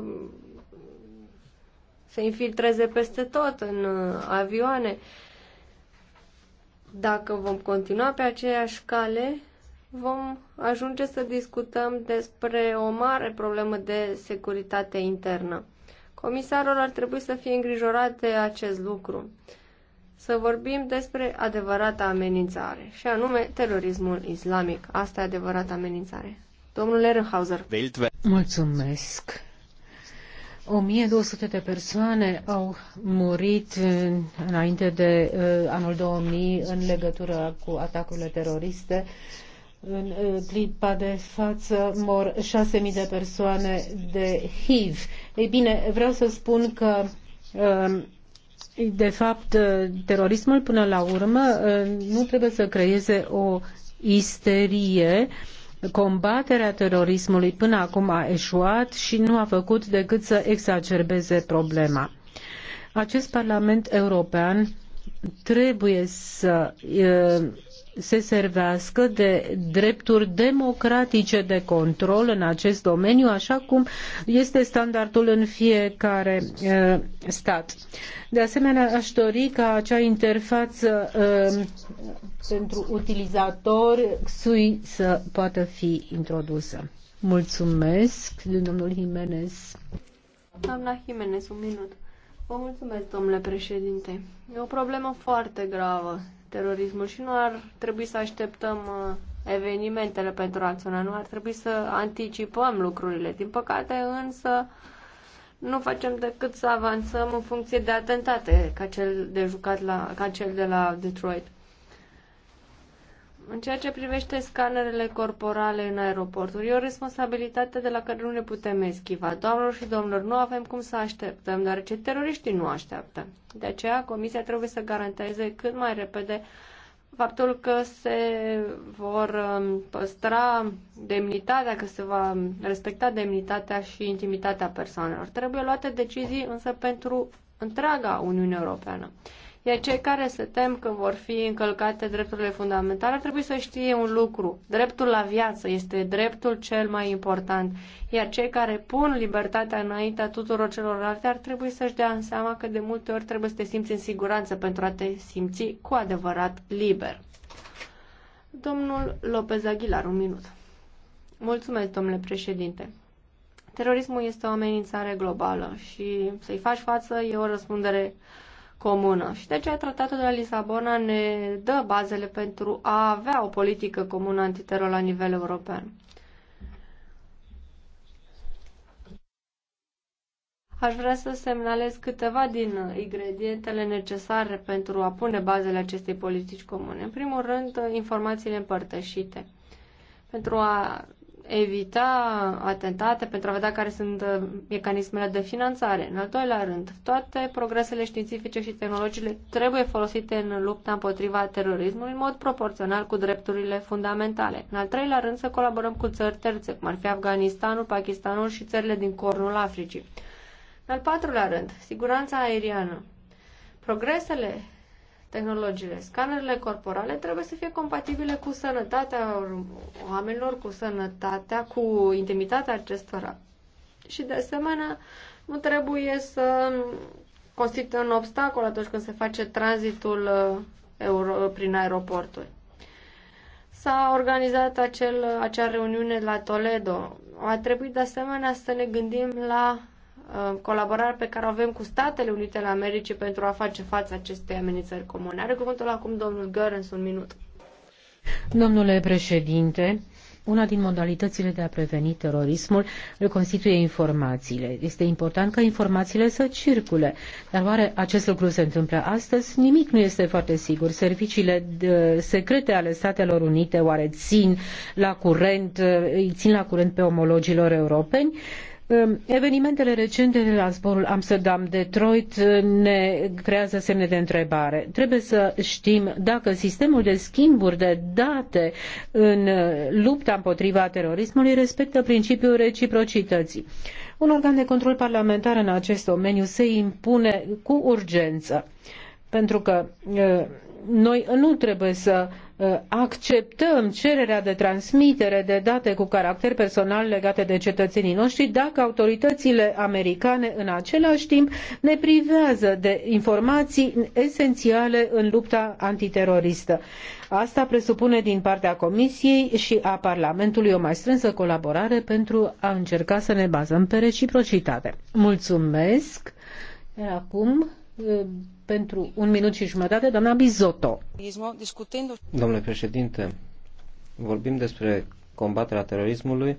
se infiltreze peste tot în uh, avioane. Dacă vom continua pe aceeași cale, vom ajunge să discutăm despre o mare problemă de securitate internă. Comisarul ar trebui să fie îngrijorat de acest lucru. Să vorbim despre adevărata amenințare, și anume terorismul islamic. Asta e adevărata amenințare. Domnule Rehauser. Mulțumesc. 1200 de persoane au murit înainte de uh, anul 2000 în legătură cu atacurile teroriste. În uh, clipa de față mor 6000 de persoane de HIV. Ei bine, vreau să spun că uh, de fapt, uh, terorismul până la urmă nu trebuie să creeze o isterie combaterea terorismului până acum a eșuat și nu a făcut decât să exacerbeze problema. Acest Parlament European trebuie să se servească de drepturi democratice de control în acest domeniu, așa cum este standardul în fiecare uh, stat. De asemenea, aș dori ca acea interfață uh, pentru utilizatori XUI să poată fi introdusă. Mulțumesc, domnul Jimenez. Doamna Jimenez, un minut. Vă mulțumesc, domnule președinte. E o problemă foarte gravă terorismul și nu ar trebui să așteptăm uh, evenimentele pentru a acționa, nu ar trebui să anticipăm lucrurile. Din păcate însă nu facem decât să avansăm în funcție de atentate ca cel de jucat la, ca cel de la Detroit. În ceea ce privește scanerele corporale în aeroporturi, e o responsabilitate de la care nu ne putem eschiva. Doamnelor și domnilor, nu avem cum să așteptăm, deoarece teroriștii nu așteaptă. De aceea, Comisia trebuie să garanteze cât mai repede faptul că se vor um, păstra demnitatea, că se va respecta demnitatea și intimitatea persoanelor. Trebuie luate decizii însă pentru întreaga Uniune Europeană. Iar cei care se tem că vor fi încălcate drepturile fundamentale ar trebui să știe un lucru. Dreptul la viață este dreptul cel mai important. Iar cei care pun libertatea înaintea tuturor celorlalte ar trebui să-și dea seama că de multe ori trebuie să te simți în siguranță pentru a te simți cu adevărat liber. Domnul Lopez Aguilar, un minut. Mulțumesc, domnule președinte. Terorismul este o amenințare globală și să-i faci față e o răspundere comună. Și de tratatul de la Lisabona ne dă bazele pentru a avea o politică comună antiteror la nivel european. Aș vrea să semnalez câteva din ingredientele necesare pentru a pune bazele acestei politici comune. În primul rând, informațiile împărtășite. Pentru a evita atentate, pentru a vedea care sunt uh, mecanismele de finanțare. În al doilea rând, toate progresele științifice și tehnologiile trebuie folosite în lupta împotriva terorismului în mod proporțional cu drepturile fundamentale. În al treilea rând, să colaborăm cu țări terțe, cum ar fi Afganistanul, Pakistanul și țările din cornul Africii. În al patrulea rând, siguranța aeriană. Progresele tehnologiile. Scanerele corporale trebuie să fie compatibile cu sănătatea oamenilor, cu sănătatea, cu intimitatea acestora. Și de asemenea, nu trebuie să constituie un obstacol atunci când se face tranzitul uh, euro, prin aeroporturi. S-a organizat acel, acea reuniune la Toledo. A trebuit de asemenea să ne gândim la Uh, colaborare pe care o avem cu Statele Unite ale Americii pentru a face față acestei amenințări comune. Are cuvântul acum domnul Gărâns, un minut. Domnule președinte, una din modalitățile de a preveni terorismul îl constituie informațiile. Este important ca informațiile să circule. Dar oare acest lucru se întâmplă astăzi? Nimic nu este foarte sigur. Serviciile uh, secrete ale Statelor Unite oare țin la curent, uh, îi țin la curent pe omologilor europeni? Evenimentele recente de la zborul Amsterdam-Detroit ne creează semne de întrebare. Trebuie să știm dacă sistemul de schimburi de date în lupta împotriva terorismului respectă principiul reciprocității. Un organ de control parlamentar în acest domeniu se impune cu urgență, pentru că uh, noi nu trebuie să uh, Uh, acceptăm cererea de transmitere de date cu caracter personal legate de cetățenii noștri dacă autoritățile americane în același timp ne privează de informații esențiale în lupta antiteroristă. Asta presupune din partea Comisiei și a Parlamentului o mai strânsă colaborare pentru a încerca să ne bazăm pe reciprocitate. Mulțumesc! Acum uh, pentru un minut și jumătate, doamna Bizotto. Domnule președinte, vorbim despre combaterea terorismului,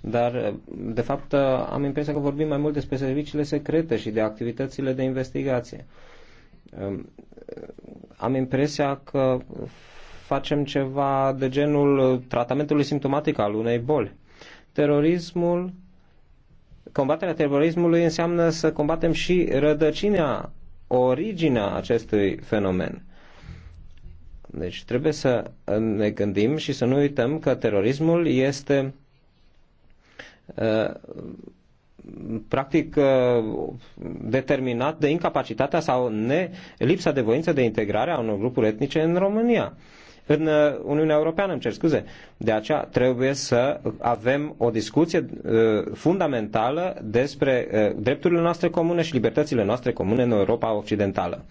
dar de fapt am impresia că vorbim mai mult despre serviciile secrete și de activitățile de investigație. Am impresia că facem ceva de genul tratamentului simptomatic al unei boli. Terorismul, combaterea terorismului înseamnă să combatem și rădăcina originea acestui fenomen. Deci trebuie să ne gândim și să nu uităm că terorismul este uh, practic uh, determinat de incapacitatea sau ne, lipsa de voință de integrare a unor grupuri etnice în România în uh, Uniunea Europeană, îmi cer scuze. De aceea trebuie să avem o discuție uh, fundamentală despre uh, drepturile noastre comune și libertățile noastre comune în Europa Occidentală.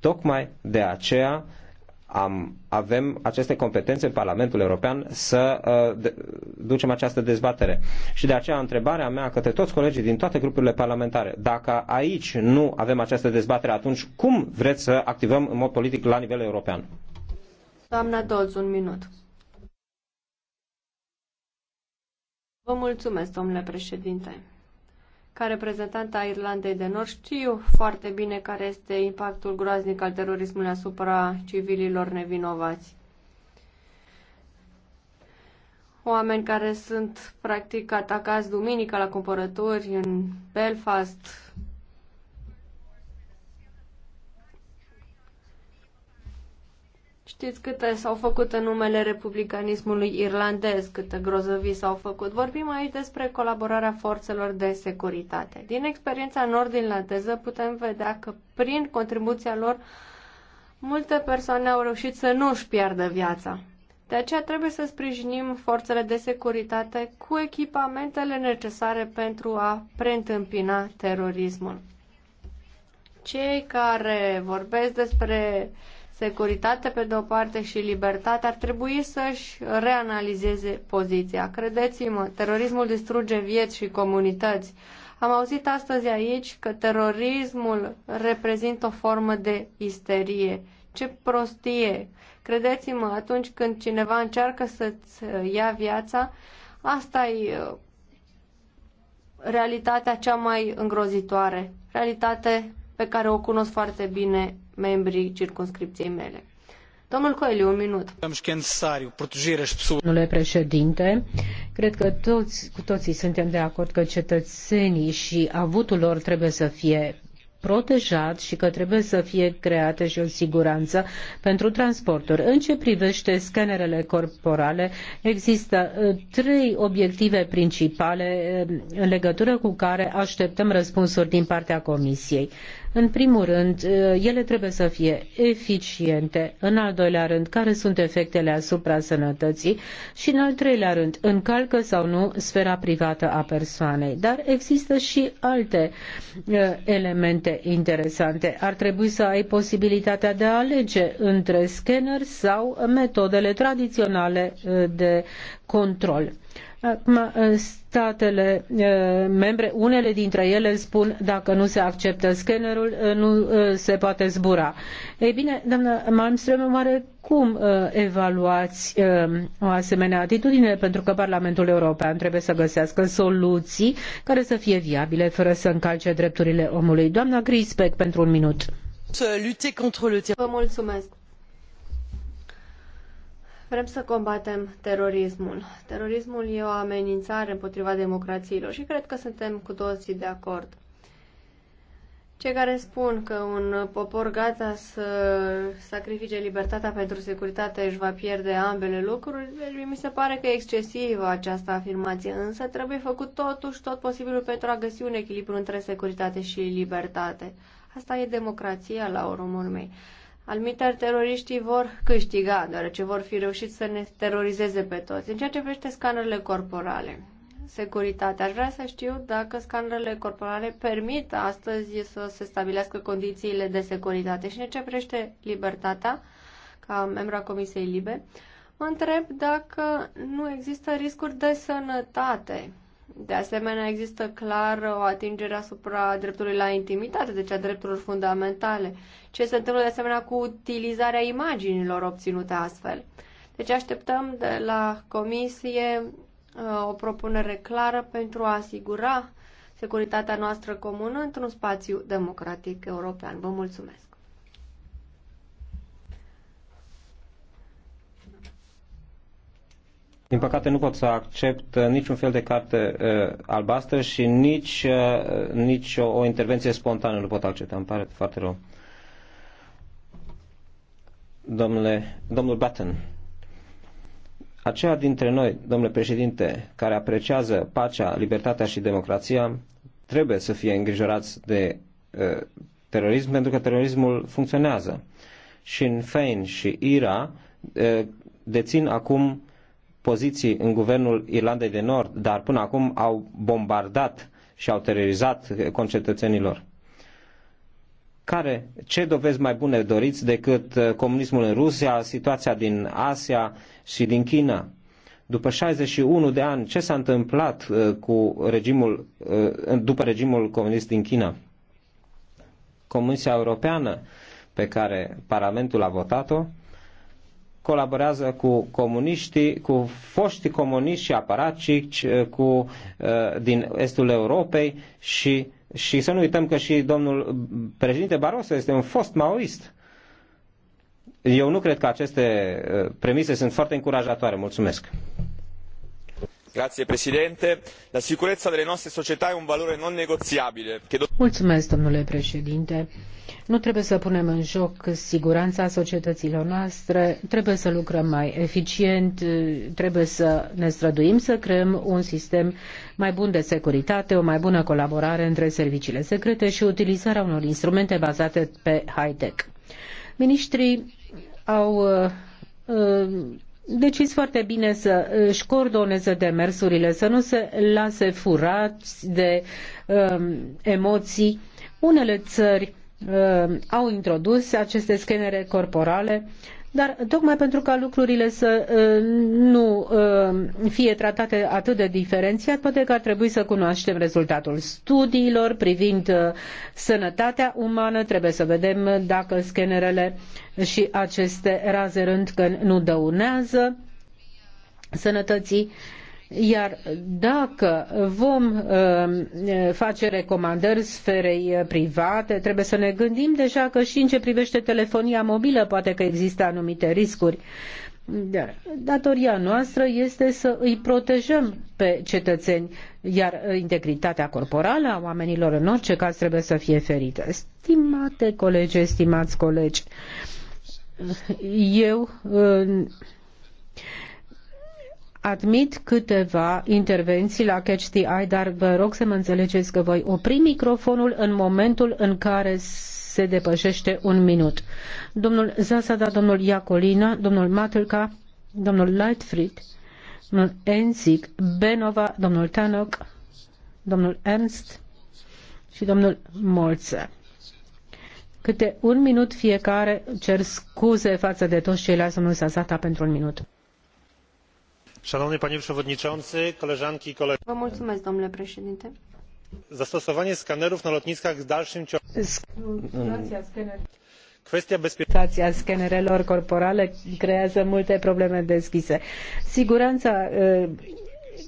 Tocmai de aceea am, avem aceste competențe în Parlamentul European să uh, de, ducem această dezbatere. Și de aceea întrebarea mea către toți colegii din toate grupurile parlamentare, dacă aici nu avem această dezbatere, atunci cum vreți să activăm în mod politic la nivel european? Doamna Dolz, un minut. Vă mulțumesc, domnule președinte. Ca reprezentant a Irlandei de Nord știu foarte bine care este impactul groaznic al terorismului asupra civililor nevinovați. Oameni care sunt practic atacați duminică la cumpărături în Belfast, Știți câte s-au făcut în numele republicanismului irlandez, câte grozăvii s-au făcut. Vorbim aici despre colaborarea forțelor de securitate. Din experiența nord-irlandeză putem vedea că prin contribuția lor multe persoane au reușit să nu își piardă viața. De aceea trebuie să sprijinim forțele de securitate cu echipamentele necesare pentru a preîntâmpina terorismul. Cei care vorbesc despre uh, securitatea pe de o parte și libertatea, ar trebui să-și reanalizeze poziția. Credeți-mă, terorismul distruge vieți și comunități. Am auzit astăzi aici că terorismul reprezintă o formă de isterie. Ce prostie! Credeți-mă, atunci când cineva încearcă să-ți ia viața, asta e uh, realitatea cea mai îngrozitoare, realitate pe care o cunosc foarte bine membrii circunscripției mele. Domnul Coeliu, un minut. Domnule președinte, cred că toți, cu toții suntem de acord că cetățenii și avutul lor trebuie să fie protejat și că trebuie să fie create și o siguranță pentru transporturi. În ce privește scanerele corporale, există uh, trei obiective principale uh, în legătură cu care așteptăm răspunsuri din partea Comisiei. În primul rând, ă, ele trebuie să fie eficiente. În al doilea rând, care sunt efectele asupra sănătății? Și în al treilea rând, încalcă sau nu sfera privată a persoanei. Dar există și alte ă, elemente interesante. Ar trebui să ai posibilitatea de a alege între scanner sau metodele tradiționale ă, de control. Acum, statele eh, membre, unele dintre ele spun dacă nu se acceptă scannerul, eh, nu eh, se poate zbura. Ei bine, doamnă Malmström, oare cum evaluați o asemenea atitudine? Pentru că Parlamentul European trebuie să găsească soluții care să fie viabile fără să încalce drepturile omului. Doamna Grisbeck, pentru un minut. Vă mulțumesc Vrem să combatem terorismul. Terorismul e o amenințare împotriva democrațiilor și cred că suntem cu toții de acord. Cei care spun că un popor gata să sacrifice libertatea pentru securitate își va pierde ambele lucruri, deci mi se pare că e excesivă această afirmație, însă trebuie făcut totuși tot posibilul pentru a găsi un echilibru între securitate și libertate. Asta e democrația la urmă urmei. Almiter, teroriștii vor câștiga, deoarece vor fi reușiți să ne terorizeze pe toți. În ceea ce privește scanerele corporale, securitatea, aș vrea să știu dacă scanerele corporale permit astăzi să se stabilească condițiile de securitate și în ceea ce privește libertatea, ca membra Comisiei Libe, mă întreb dacă nu există riscuri de sănătate de asemenea, există clar o atingere asupra dreptului la intimitate, deci a drepturilor fundamentale. Ce se întâmplă de asemenea cu utilizarea imaginilor obținute astfel? Deci așteptăm de la comisie uh, o propunere clară pentru a asigura securitatea noastră comună într-un spațiu democratic european. Vă mulțumesc! Din păcate nu pot să accept uh, niciun fel de carte uh, albastră și nici, uh, nici o, o intervenție spontană nu pot accepta. Îmi pare foarte rău. Domnule, domnul Batten, aceea dintre noi, domnule președinte, care apreciază pacea, libertatea și democrația, trebuie să fie îngrijorați de uh, terorism, pentru că terorismul funcționează. în Fein și IRA uh, dețin acum poziții în guvernul Irlandei de Nord, dar până acum au bombardat și au terorizat concetățenilor. Care, ce dovezi mai bune doriți decât uh, comunismul în Rusia, situația din Asia și din China? După 61 de ani, ce s-a întâmplat uh, cu regimul, uh, după regimul comunist din China? Comunistia Europeană pe care Parlamentul a votat-o colaborează cu comuniștii, cu foștii comuniști și aparatici eh, cu, eh, din estul Europei și, și să nu uităm că și domnul președinte Barroso este un fost maoist. Eu nu cred că aceste eh, premise sunt foarte încurajatoare. Mulțumesc! signor presidente onorevoli colleghi la sicurezza delle nostre società è un valore non negoziabile. nu trebuie să punem în joc siguranța societăților noastre trebuie să lucrăm mai eficient trebuie să ne străduim să creăm un sistem mai bun de securitate o mai bună colaborare între serviciile secrete și utilizarea unor instrumente bazate pe high tech. Ministrii au uh, uh, e foarte bine să își coordoneze demersurile, să nu se lase furați de um, emoții. Unele țări um, au introdus aceste scanere corporale uh, dar tocmai pentru ca lucrurile să nu fie tratate atât de diferențiat, poate că ar trebui să cunoaștem rezultatul studiilor privind sănătatea umană. Trebuie să vedem dacă scanerele și aceste raze rând că nu dăunează sănătății iar dacă vom uh, face recomandări sferei uh, private, trebuie să ne gândim deja că și în ce privește telefonia mobilă poate că există anumite riscuri. Dar datoria noastră este să îi protejăm pe cetățeni, iar uh, integritatea corporală a oamenilor în orice caz trebuie să fie ferită. Stimate colegi, stimați colegi, eu admit câteva intervenții la Catch the Eye, dar vă rog să mă înțelegeți că voi opri microfonul în momentul în care se depășește un minut. Domnul Zasada, domnul Iacolina, domnul Matulca, domnul Lightfried, domnul Enzig, Benova, domnul Tanok, domnul Ernst și domnul Molzer câte un minut fiecare. Cer scuze față de toți ceilalți, domnul Zasada, pentru un minut zastosowanie skanerów na lotniskach w dalszym ciągu stația skenerelor corporale creează multe probleme deschise. Siguranța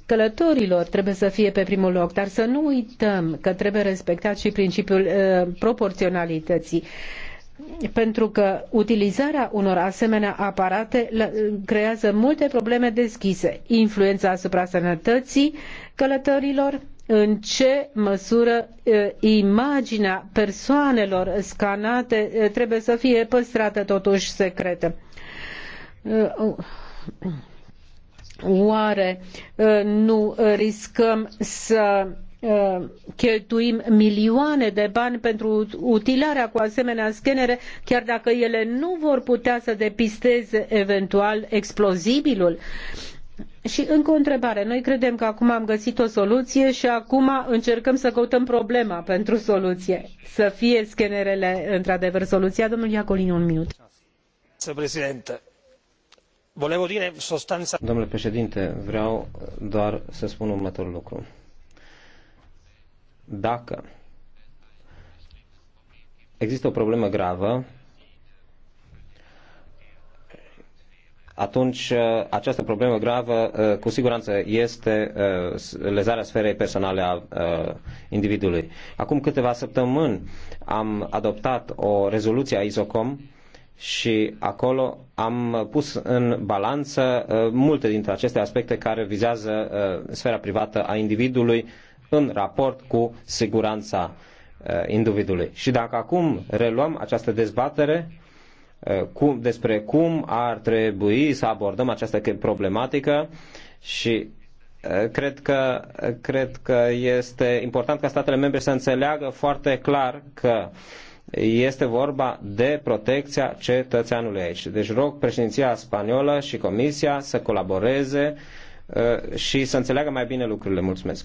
călătorilor trebuie să fie pe primul loc, dar să nu uităm că trebuie respectat și principiul proporționalității pentru că utilizarea unor asemenea aparate creează multe probleme deschise. Influența asupra sănătății călătorilor, în ce măsură imaginea persoanelor scanate trebuie să fie păstrată totuși secretă. Oare nu riscăm să Uh, cheltuim milioane de bani pentru utilarea cu asemenea scanere, chiar dacă ele nu vor putea să depisteze eventual explozibilul. Și încă o întrebare. Noi credem că acum am găsit o soluție și acum încercăm să căutăm problema pentru soluție. Să fie scanerele într-adevăr soluția. Domnul Iacolin, un minut. Domnule președinte, vreau doar să spun următorul lucru dacă există o problemă gravă, atunci uh, această problemă gravă uh, cu siguranță este uh, lezarea sferei personale a individului. Acum câteva săptămâni am adoptat o rezoluție a ISOCOM și acolo am pus în balanță multe dintre aceste aspecte care vizează sfera privată a individului în raport cu siguranța uh, individului. Și dacă acum reluăm această dezbatere uh, cum, despre cum ar trebui să abordăm această problematică și uh, cred că, cred că este important ca statele membre să înțeleagă foarte clar că este vorba de protecția cetățeanului aici. Deci rog președinția spaniolă și comisia să colaboreze și să înțeleagă mai bine lucrurile. Mulțumesc!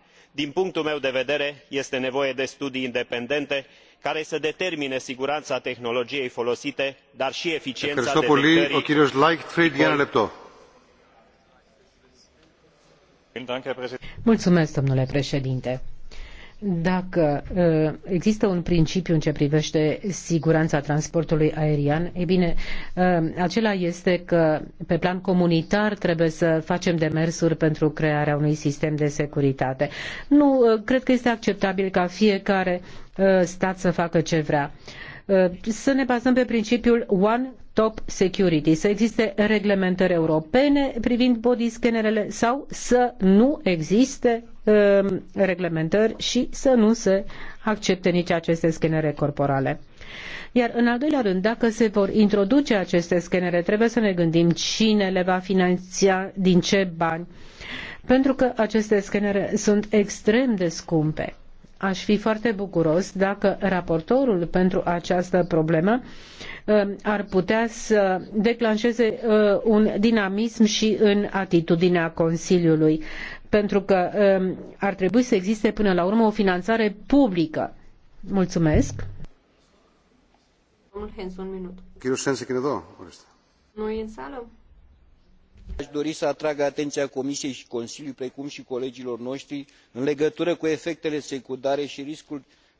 din punctul meu de vedere este nevoie de studii independente care să determine sigurana tehnologiei folosite dar i eficiena detectării dacă ă, există un principiu în ce privește siguranța transportului aerian, e bine, ă, acela este că pe plan comunitar trebuie să facem demersuri pentru crearea unui sistem de securitate. Nu ă, cred că este acceptabil ca fiecare stat să facă ce vrea. Să ne bazăm pe principiul one top security, să existe reglementări europene privind body scanerele sau să nu existe um, reglementări și să nu se accepte nici aceste scanere corporale. Iar în al doilea rând, dacă se vor introduce aceste scanere, trebuie să ne gândim cine le va finanța, din ce bani, pentru că aceste scanere sunt extrem de scumpe. Aș fi foarte bucuros dacă raportorul pentru această problemă uh, Uh, ar putea să declanșeze uh, un dinamism și în atitudinea Consiliului, pentru că um, ar trebui să existe până la urmă o finanțare publică. Mulțumesc. Domnul Hens, un minut. Nu e în sală? Aș dori să atrag atenția Comisiei și Consiliului, precum și colegilor noștri, în legătură cu efectele secundare și riscul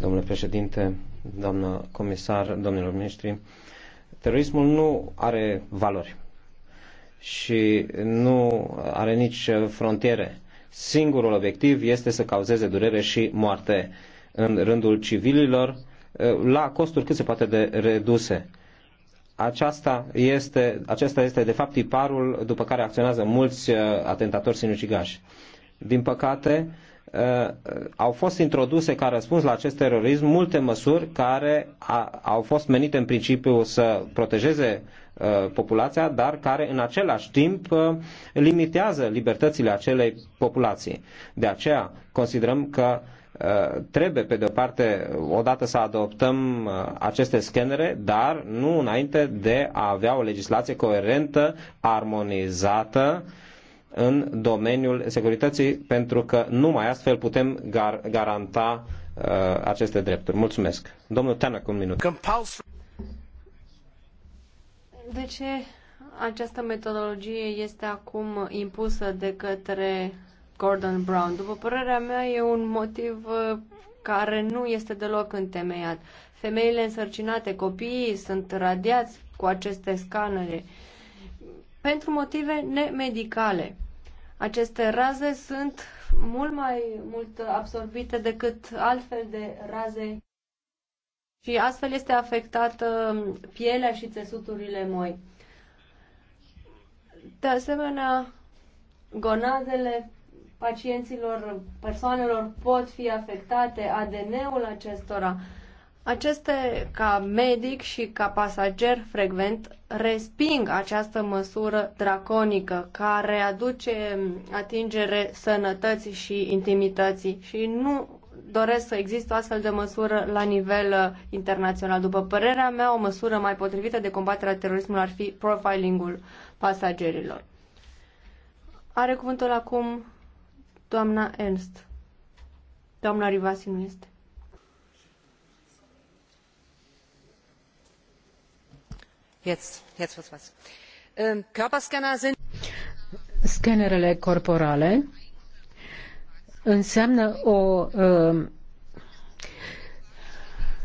Domnule președinte, doamnă comisar, domnilor miniștri, terorismul nu are valori și nu are nici frontiere. Singurul obiectiv este să cauzeze durere și moarte în rândul civililor la costuri cât se poate de reduse. Aceasta este, acesta este de fapt tiparul după care acționează mulți uh, atentatori sinucigași din păcate, ă, au fost introduse ca răspuns la acest terorism multe măsuri care a, au fost menite în principiu să protejeze ă, populația, dar care în același timp ă, limitează libertățile acelei populații. De aceea considerăm că trebuie, pe de o parte, odată să adoptăm aceste scanere, dar nu înainte de a avea o legislație coerentă, armonizată, uh, în domeniul securității, pentru că numai astfel putem gar- garanta uh, aceste drepturi. Mulțumesc. Domnul Teanac, un minut. De ce această metodologie este acum impusă de către Gordon Brown? După părerea mea, e un motiv uh, care nu este deloc întemeiat. Femeile însărcinate, copiii sunt radiați cu aceste scanere. Uh, pentru motive nemedicale. Aceste raze sunt mult mai mult absorbite decât altfel de raze și astfel este afectată pielea și țesuturile moi. De asemenea, gonadele pacienților, persoanelor pot fi afectate, ADN-ul acestora aceste, ca medic și ca pasager frecvent, resping această măsură draconică care aduce atingere sănătății și intimității și nu doresc să existe o astfel de măsură la nivel uh, internațional. După părerea mea, o măsură mai potrivită de combaterea terorismului ar fi profilingul pasagerilor. Are cuvântul acum doamna Ernst. Doamna Rivasi nu este. Ähm, Scanerele corporale înseamnă o um,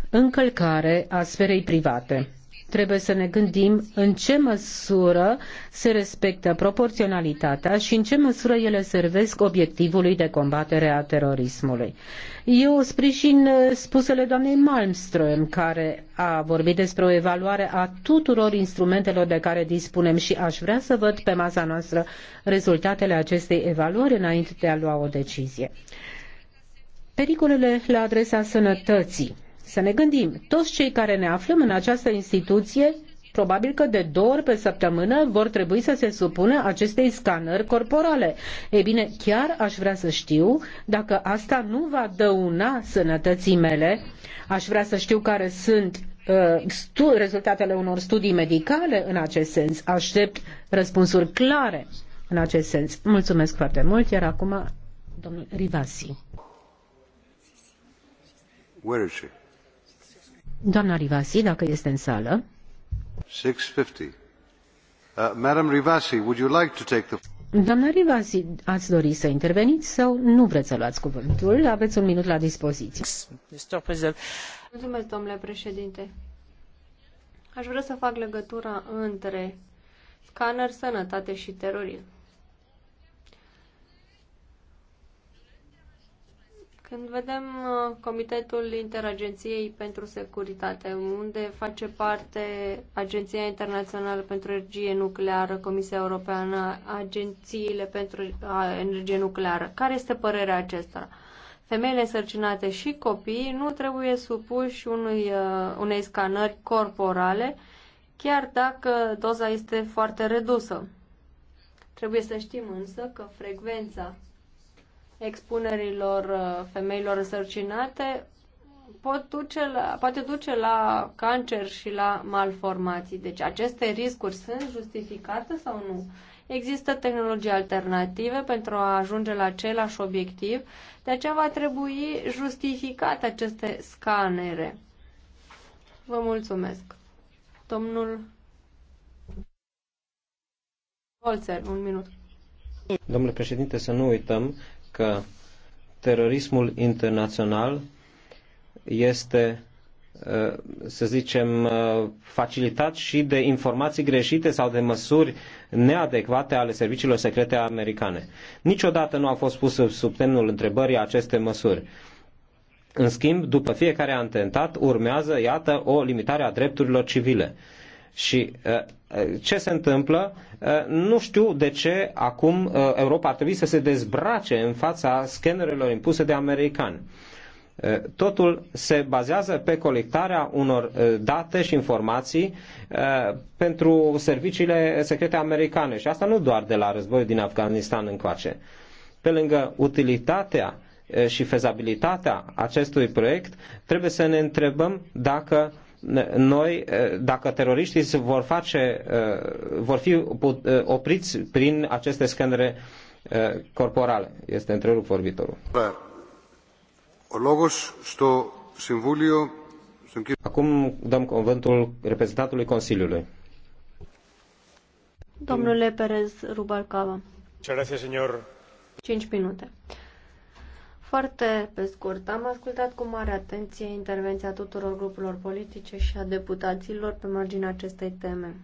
încălcare a sferei private trebuie să ne gândim în ce măsură se respectă proporționalitatea și în ce măsură ele servesc obiectivului de combatere a terorismului. Eu sprijin spusele doamnei Malmström, care a vorbit despre o evaluare a tuturor instrumentelor de care dispunem și aș vrea să văd pe masa noastră rezultatele acestei evaluări înainte de a lua o decizie. Pericolele la adresa sănătății să ne gândim. Toți cei care ne aflăm în această instituție probabil că de două ori pe săptămână vor trebui să se supună acestei scanări corporale. Ei bine, chiar aș vrea să știu dacă asta nu va dăuna sănătății mele, aș vrea să știu care sunt uh, rezultatele unor studii medicale în acest sens. Aștept răspunsuri clare în acest sens. Mulțumesc foarte mult, iar acum domnul Rivasi. Where is she? Doamna Rivasi, dacă este în sală. 650. Uh, Madam Rivasi, would you like to take the... Doamna Rivasi, ați dori să interveniți sau nu vreți să luați cuvântul? Aveți un minut la dispoziție. Mulțumesc, domnule președinte. Aș vrea să fac legătura între scanner, sănătate și terorism. Când vedem uh, Comitetul Interagenției pentru Securitate, unde face parte Agenția Internațională pentru Energie Nucleară, Comisia Europeană, Agențiile pentru Energie Nucleară, care este părerea acestora? Femeile însărcinate și copiii nu trebuie supuși unui, uh, unei scanări corporale, chiar dacă doza este foarte redusă. Trebuie să știm însă că frecvența expunerilor uh, femeilor însărcinate pot duce la, poate duce la cancer și la malformații. Deci aceste riscuri sunt justificate sau nu? Există tehnologii alternative pentru a ajunge la același obiectiv, de aceea va trebui justificat aceste scanere. Vă mulțumesc. Domnul Holzer, un minut. Domnule președinte, să nu uităm că terorismul internațional este uh, să zicem, uh, facilitat și de informații greșite sau de măsuri neadecvate ale serviciilor secrete americane. Niciodată nu a fost pus sub temnul întrebării aceste măsuri. În schimb, după fiecare atentat, urmează, iată, o limitare a drepturilor civile. Și uh, uh, ce se întâmplă? Uh, nu știu de ce acum Europa ar trebui să se dezbrace în fața scanerelor impuse de americani. Totul se bazează pe colectarea unor date și informații pentru serviciile secrete americane și asta nu doar de la războiul din Afganistan încoace. Pe lângă utilitatea și fezabilitatea acestui proiect, trebuie să ne întrebăm dacă noi, dacă teroriștii vor, face, vor fi opriți prin aceste scanere corporale. Este întrerupt vorbitorul. O logos sto Acum dăm cuvântul reprezentantului Consiliului. Domnule Perez Rubalcava. Cinci minute. Foarte pe scurt, am ascultat cu mare atenție intervenția tuturor grupurilor politice și a deputaților pe marginea acestei teme.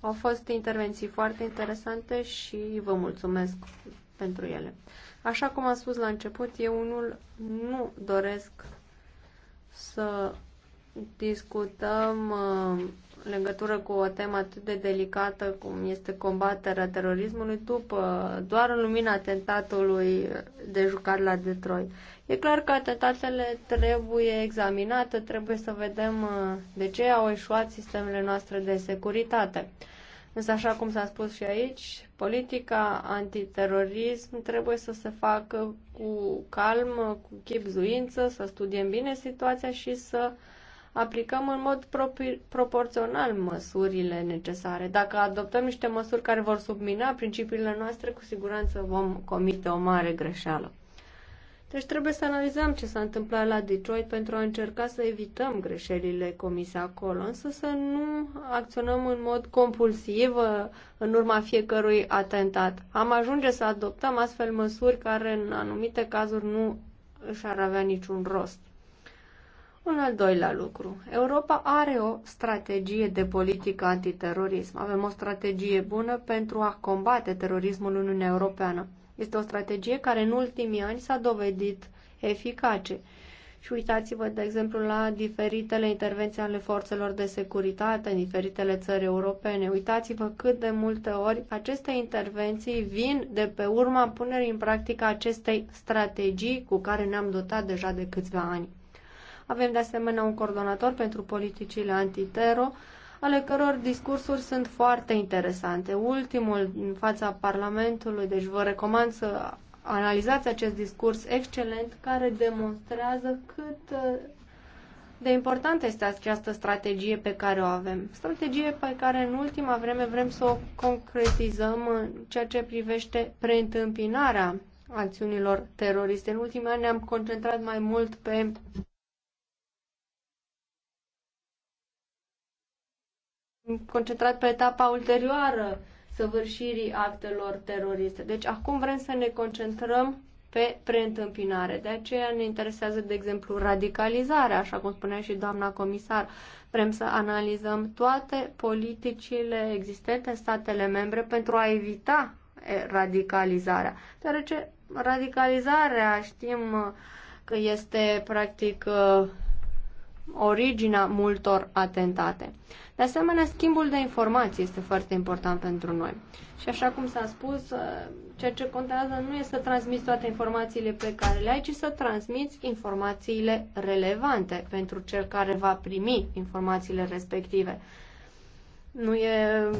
Au fost intervenții foarte interesante și vă mulțumesc pentru ele. Așa cum am spus la început, eu unul nu doresc să discutăm uh, legătură cu o temă atât de delicată cum este combaterea terorismului după doar în lumina atentatului de jucat la Detroit. E clar că atentatele trebuie examinate, trebuie să vedem uh, de ce au eșuat sistemele noastre de securitate. Însă, așa cum s-a spus și aici, politica antiterorism trebuie să se facă cu calm, cu chipzuință, să studiem bine situația și să uh, aplicăm în mod propri, proporțional măsurile necesare. Dacă adoptăm niște măsuri care vor submina principiile noastre, cu siguranță vom comite o mare greșeală. Deci trebuie să analizăm ce s-a întâmplat la Detroit pentru a încerca să evităm greșelile comise acolo, însă să nu acționăm în mod compulsiv în urma fiecărui atentat. Am ajunge să adoptăm astfel măsuri care în anumite cazuri nu își ar avea niciun rost. Un al doilea lucru. Europa are o strategie de politică antiterorism. Avem o strategie bună pentru a combate terorismul în Uniunea Europeană. Este o strategie care în ultimii ani s-a dovedit eficace. Și uitați-vă, de exemplu, la diferitele intervenții ale forțelor de securitate în diferitele țări europene. Uitați-vă cât de multe ori aceste intervenții vin de pe urma punerii în practică acestei strategii cu care ne-am dotat deja de câțiva ani. Avem de asemenea un coordonator pentru politicile antitero, ale căror discursuri sunt foarte interesante. Ultimul în fața Parlamentului, deci vă recomand să analizați acest discurs excelent care demonstrează cât uh, de importantă este această strategie pe care o avem. Strategie pe care în ultima vreme vrem să o concretizăm în ceea ce privește preîntâmpinarea acțiunilor teroriste. În ultimii ani ne-am concentrat mai mult pe concentrat pe etapa ulterioară săvârșirii actelor teroriste. Deci acum vrem să ne concentrăm pe preîntâmpinare. De aceea ne interesează, de exemplu, radicalizarea, așa cum spunea și doamna comisar. Vrem să analizăm toate politicile existente în statele membre pentru a evita radicalizarea. Deoarece radicalizarea știm că este practic originea multor atentate. De asemenea, schimbul de informații este foarte important pentru noi. Și așa cum s-a spus, uh, ceea ce contează nu este să transmiți toate informațiile pe care le ai, ci să transmiți informațiile relevante pentru cel care va primi informațiile respective. Nu e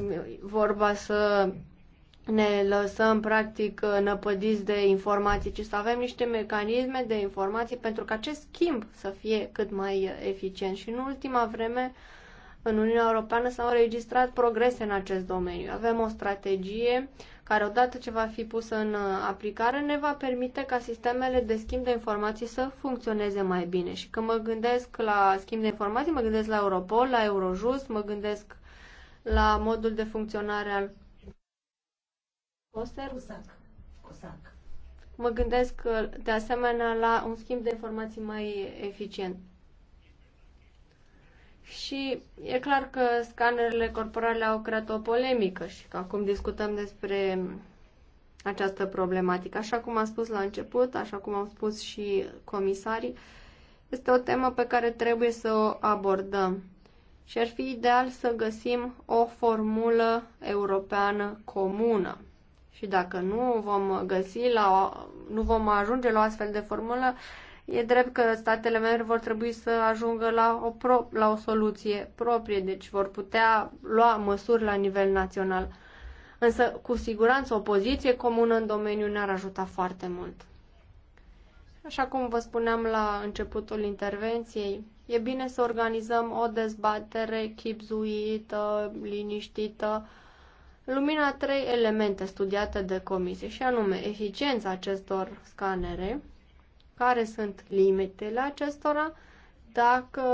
vorba să ne lăsăm practic năpădiți de informații, ci să avem niște mecanisme de informații pentru că acest schimb să fie cât mai eficient. Și în ultima vreme, uh, în Uniunea Europeană s-au înregistrat progrese în acest domeniu. Avem o strategie care, odată ce va fi pusă în uh, aplicare, ne va permite ca sistemele de schimb de informații să funcționeze mai bine. Și când mă gândesc la schimb de informații, mă gândesc la Europol, la Eurojust, mă gândesc la modul de funcționare al Poster. Cusac. Cosac. Mă gândesc uh, de asemenea la un schimb de informații mai eficient. Și e clar că scanerele corporale au creat o polemică și că acum discutăm despre această problematică. Așa cum am spus la început, așa cum au spus și comisarii, este o temă pe care trebuie să o abordăm. Și ar fi ideal să găsim o formulă europeană comună. Și dacă nu vom găsi la o, nu vom ajunge la o astfel de formulă, E drept că statele membre vor trebui să ajungă la o, pro- la o soluție proprie, deci vor putea lua măsuri la nivel național. Însă, cu siguranță, o poziție comună în domeniu ne-ar ajuta foarte mult. Așa cum vă spuneam la începutul intervenției, e bine să organizăm o dezbatere chipzuită, liniștită, lumina trei elemente studiate de comisie, și anume eficiența acestor scanere, care sunt limitele acestora, dacă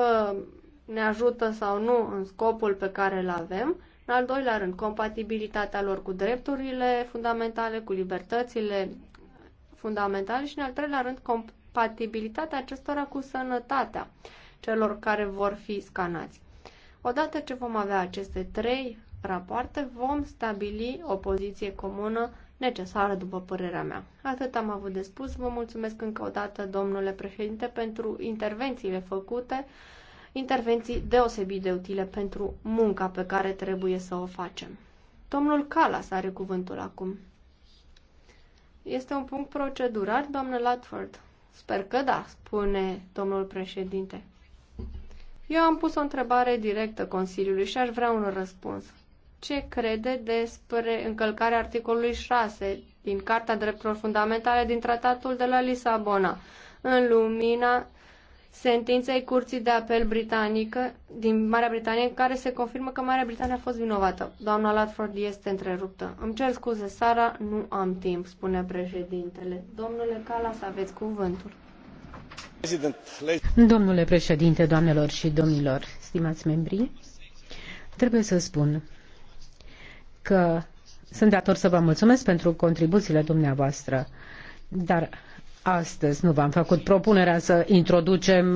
ne ajută sau nu în scopul pe care îl avem. În al doilea rând, compatibilitatea lor cu drepturile fundamentale, cu libertățile fundamentale și, în al treilea rând, compatibilitatea acestora cu sănătatea celor care vor fi scanați. Odată ce vom avea aceste trei rapoarte, vom stabili o poziție comună necesară, după părerea mea. Atât am avut de spus. Vă mulțumesc încă o dată, domnule președinte, pentru intervențiile făcute, intervenții deosebit de utile pentru munca pe care trebuie să o facem. Domnul Calas are cuvântul acum. Este un punct procedural, doamnă Latford? Sper că da, spune domnul președinte. Eu am pus o întrebare directă Consiliului și aș vrea un răspuns ce crede despre încălcarea articolului 6 din Carta Drepturilor Fundamentale din Tratatul de la Lisabona, în lumina sentinței Curții de Apel Britanică din Marea Britanie, în care se confirmă că Marea Britanie a fost vinovată. Doamna Latford este întreruptă. Îmi cer scuze, Sara, nu am timp, spune președintele. Domnule Calas, aveți cuvântul. Domnule președinte, doamnelor și domnilor, stimați membri, trebuie să spun că sunt dator să vă mulțumesc pentru contribuțiile dumneavoastră, dar astăzi nu v-am făcut propunerea să introducem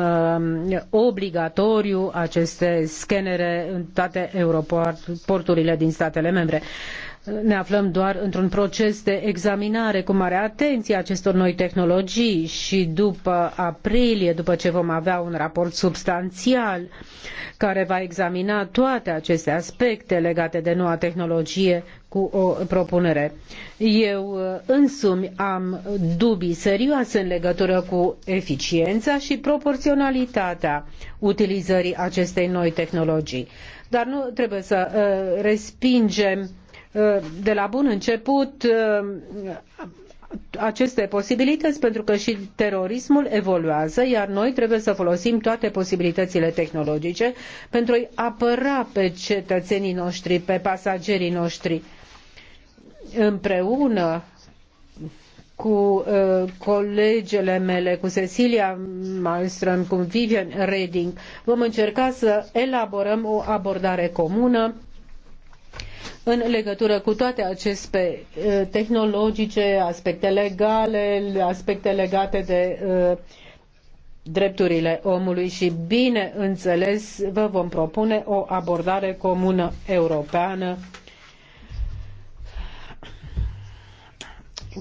uh, obligatoriu aceste scanere în toate aeroporturile din statele membre. Uh, ne aflăm doar într-un proces de examinare cu mare atenție acestor noi tehnologii și după aprilie, după ce vom avea un raport substanțial care va examina toate aceste aspecte legate de noua tehnologie cu o propunere. Eu uh, însumi am dubii serioase în legătură cu eficiența și proporționalitatea utilizării acestei noi tehnologii. Dar nu trebuie să uh, respingem de la bun început uh, aceste posibilități, pentru că și terorismul evoluează, iar noi trebuie să folosim toate posibilitățile tehnologice pentru a-i apăra pe cetățenii noștri, pe pasagerii noștri. Împreună cu uh, colegele mele, cu Cecilia Malmström, cu Vivian Reding, vom încerca să elaborăm o abordare comună în legătură cu toate aceste eh, tehnologice, aspecte legale, aspecte legate de eh, drepturile omului și, bineînțeles, vă vom propune o abordare comună europeană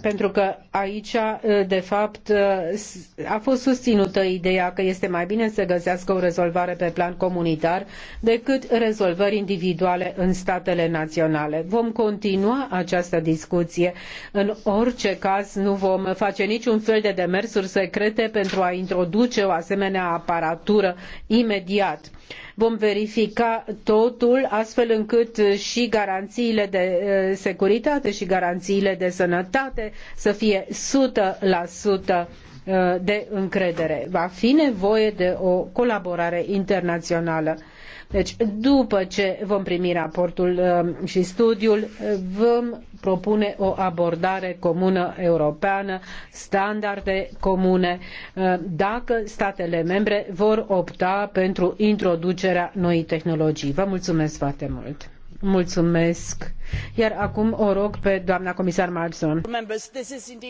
pentru că aici, uh, de fapt, uh, a fost susținută ideea că este mai bine să găsească o rezolvare pe plan comunitar decât rezolvări individuale în statele naționale. Vom continua această discuție. În orice caz, nu vom face niciun fel de demersuri secrete pentru a introduce o asemenea aparatură imediat. Vom verifica totul astfel încât și garanțiile de eh, securitate și garanțiile de sănătate să fie 100% eh, de încredere. Va fi nevoie de o colaborare internațională. Deci, după ce vom primi raportul um, și studiul, vom propune o abordare comună europeană, standarde comune, uh, dacă statele membre vor opta pentru introducerea noii tehnologii. Vă mulțumesc foarte mult! Mulțumesc. Iar acum o rog pe doamna comisar Malmström.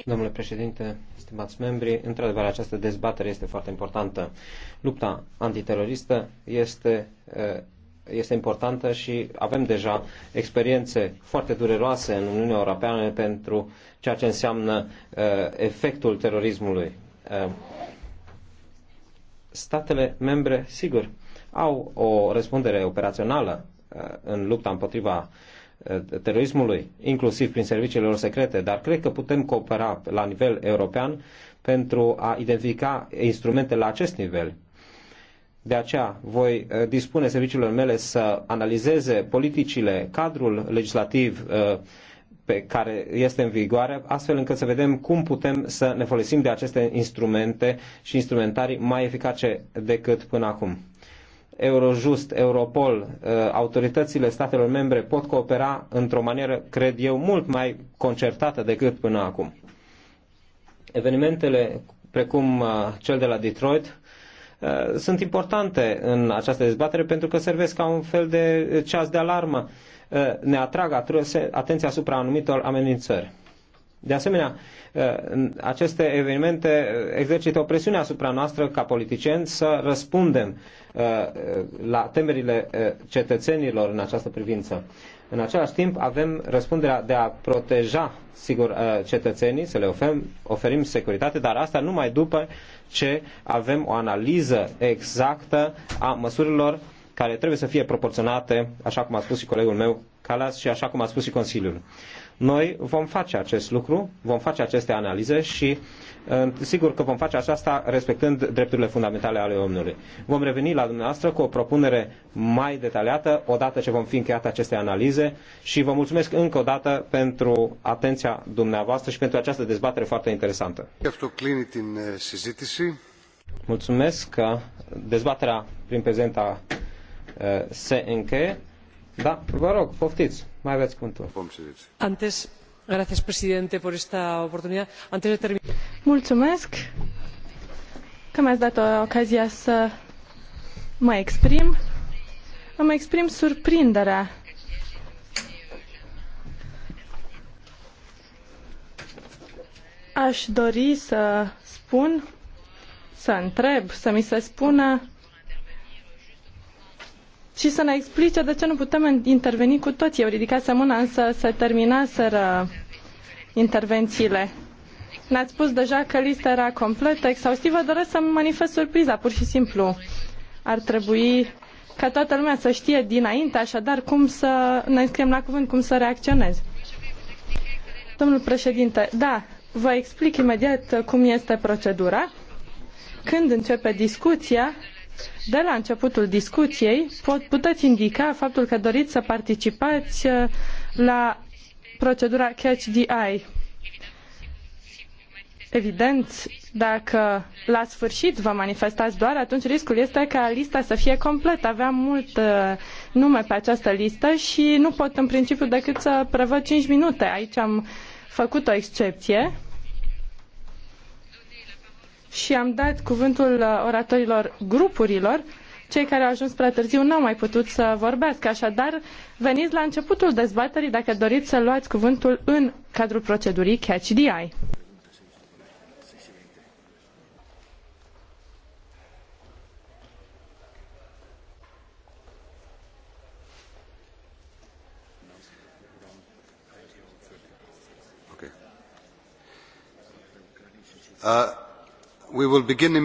Domnule președinte, stimați membri, într-adevăr această dezbatere este foarte importantă. Lupta antiteroristă este eh, este importantă și avem deja experiențe foarte dureroase în Uniunea Europeană pentru ceea ce înseamnă eh, efectul terorismului. Eh, statele membre, sigur, au o răspundere operațională Uh, în lupta împotriva uh, terorismului, inclusiv prin serviciile lor secrete, dar cred că putem coopera la nivel european pentru a identifica instrumente la acest nivel. De aceea voi uh, dispune serviciilor mele să analizeze politicile, cadrul legislativ pe care este în vigoare, astfel încât să vedem cum putem să ne folosim de aceste instrumente și instrumentarii mai eficace decât până acum. Eurojust, Europol, uh, autoritățile statelor membre pot coopera într-o manieră, cred eu, mult mai concertată decât până acum. Evenimentele precum uh, cel de la Detroit uh, sunt importante în această dezbatere pentru că servesc ca un fel de ceas de alarmă. Ne atrag atenția asupra anumitor amenințări. De asemenea, Uh, aceste evenimente uh, exercită o presiune asupra noastră ca politicieni să răspundem uh, la temerile cetățenilor în această privință. În același timp, avem răspunderea de a proteja, sigur, cetățenii, să le oferim, oferim securitate, dar asta numai după ce avem o analiză exactă a măsurilor care trebuie să fie proporționate, așa cum a spus și colegul meu Calas și așa cum a spus și Consiliul. Noi vom face acest lucru, vom face aceste analize și uh, sigur că vom face aceasta respectând drepturile fundamentale ale omului. Vom reveni la dumneavoastră cu o propunere mai detaliată odată ce vom fi încheiat aceste analize și vă mulțumesc încă o dată pentru atenția dumneavoastră și pentru această dezbatere foarte interesantă. Uh, mulțumesc că dezbaterea prin prezenta uh, se încheie. Da, vă rog, poftiți. Mai presidente, por esta oportunidad. Antes de terminar... Mulțumesc că mi-ați dat ocazia să mă exprim. Îmi exprim surprinderea aș dori să spun, să întreb, să mi se spună și să ne explice de ce nu putem interveni cu toții. Eu ridicat mâna, însă se terminaseră intervențiile. Ne-ați spus deja că lista era completă, exhaustivă, doresc să-mi manifest surpriza, pur și simplu. Ar trebui ca toată lumea să știe dinainte, așadar, cum să ne înscriem la cuvânt, cum să reacționez. Domnul președinte, da, vă explic imediat cum este procedura. Când începe discuția, de la începutul discuției pot, puteți indica faptul că doriți să participați uh, la procedura Catch the Eye. Evident, dacă la sfârșit vă manifestați doar, atunci riscul este ca lista să fie completă. Aveam mult uh, nume pe această listă și nu pot în principiu decât să prevăd 5 minute. Aici am făcut o excepție și am dat cuvântul uh, oratorilor grupurilor. Cei care au ajuns prea târziu nu au mai putut să vorbească, așadar veniți la începutul dezbaterii dacă doriți să luați cuvântul în cadrul procedurii Catch the Eye. Uh, We will begin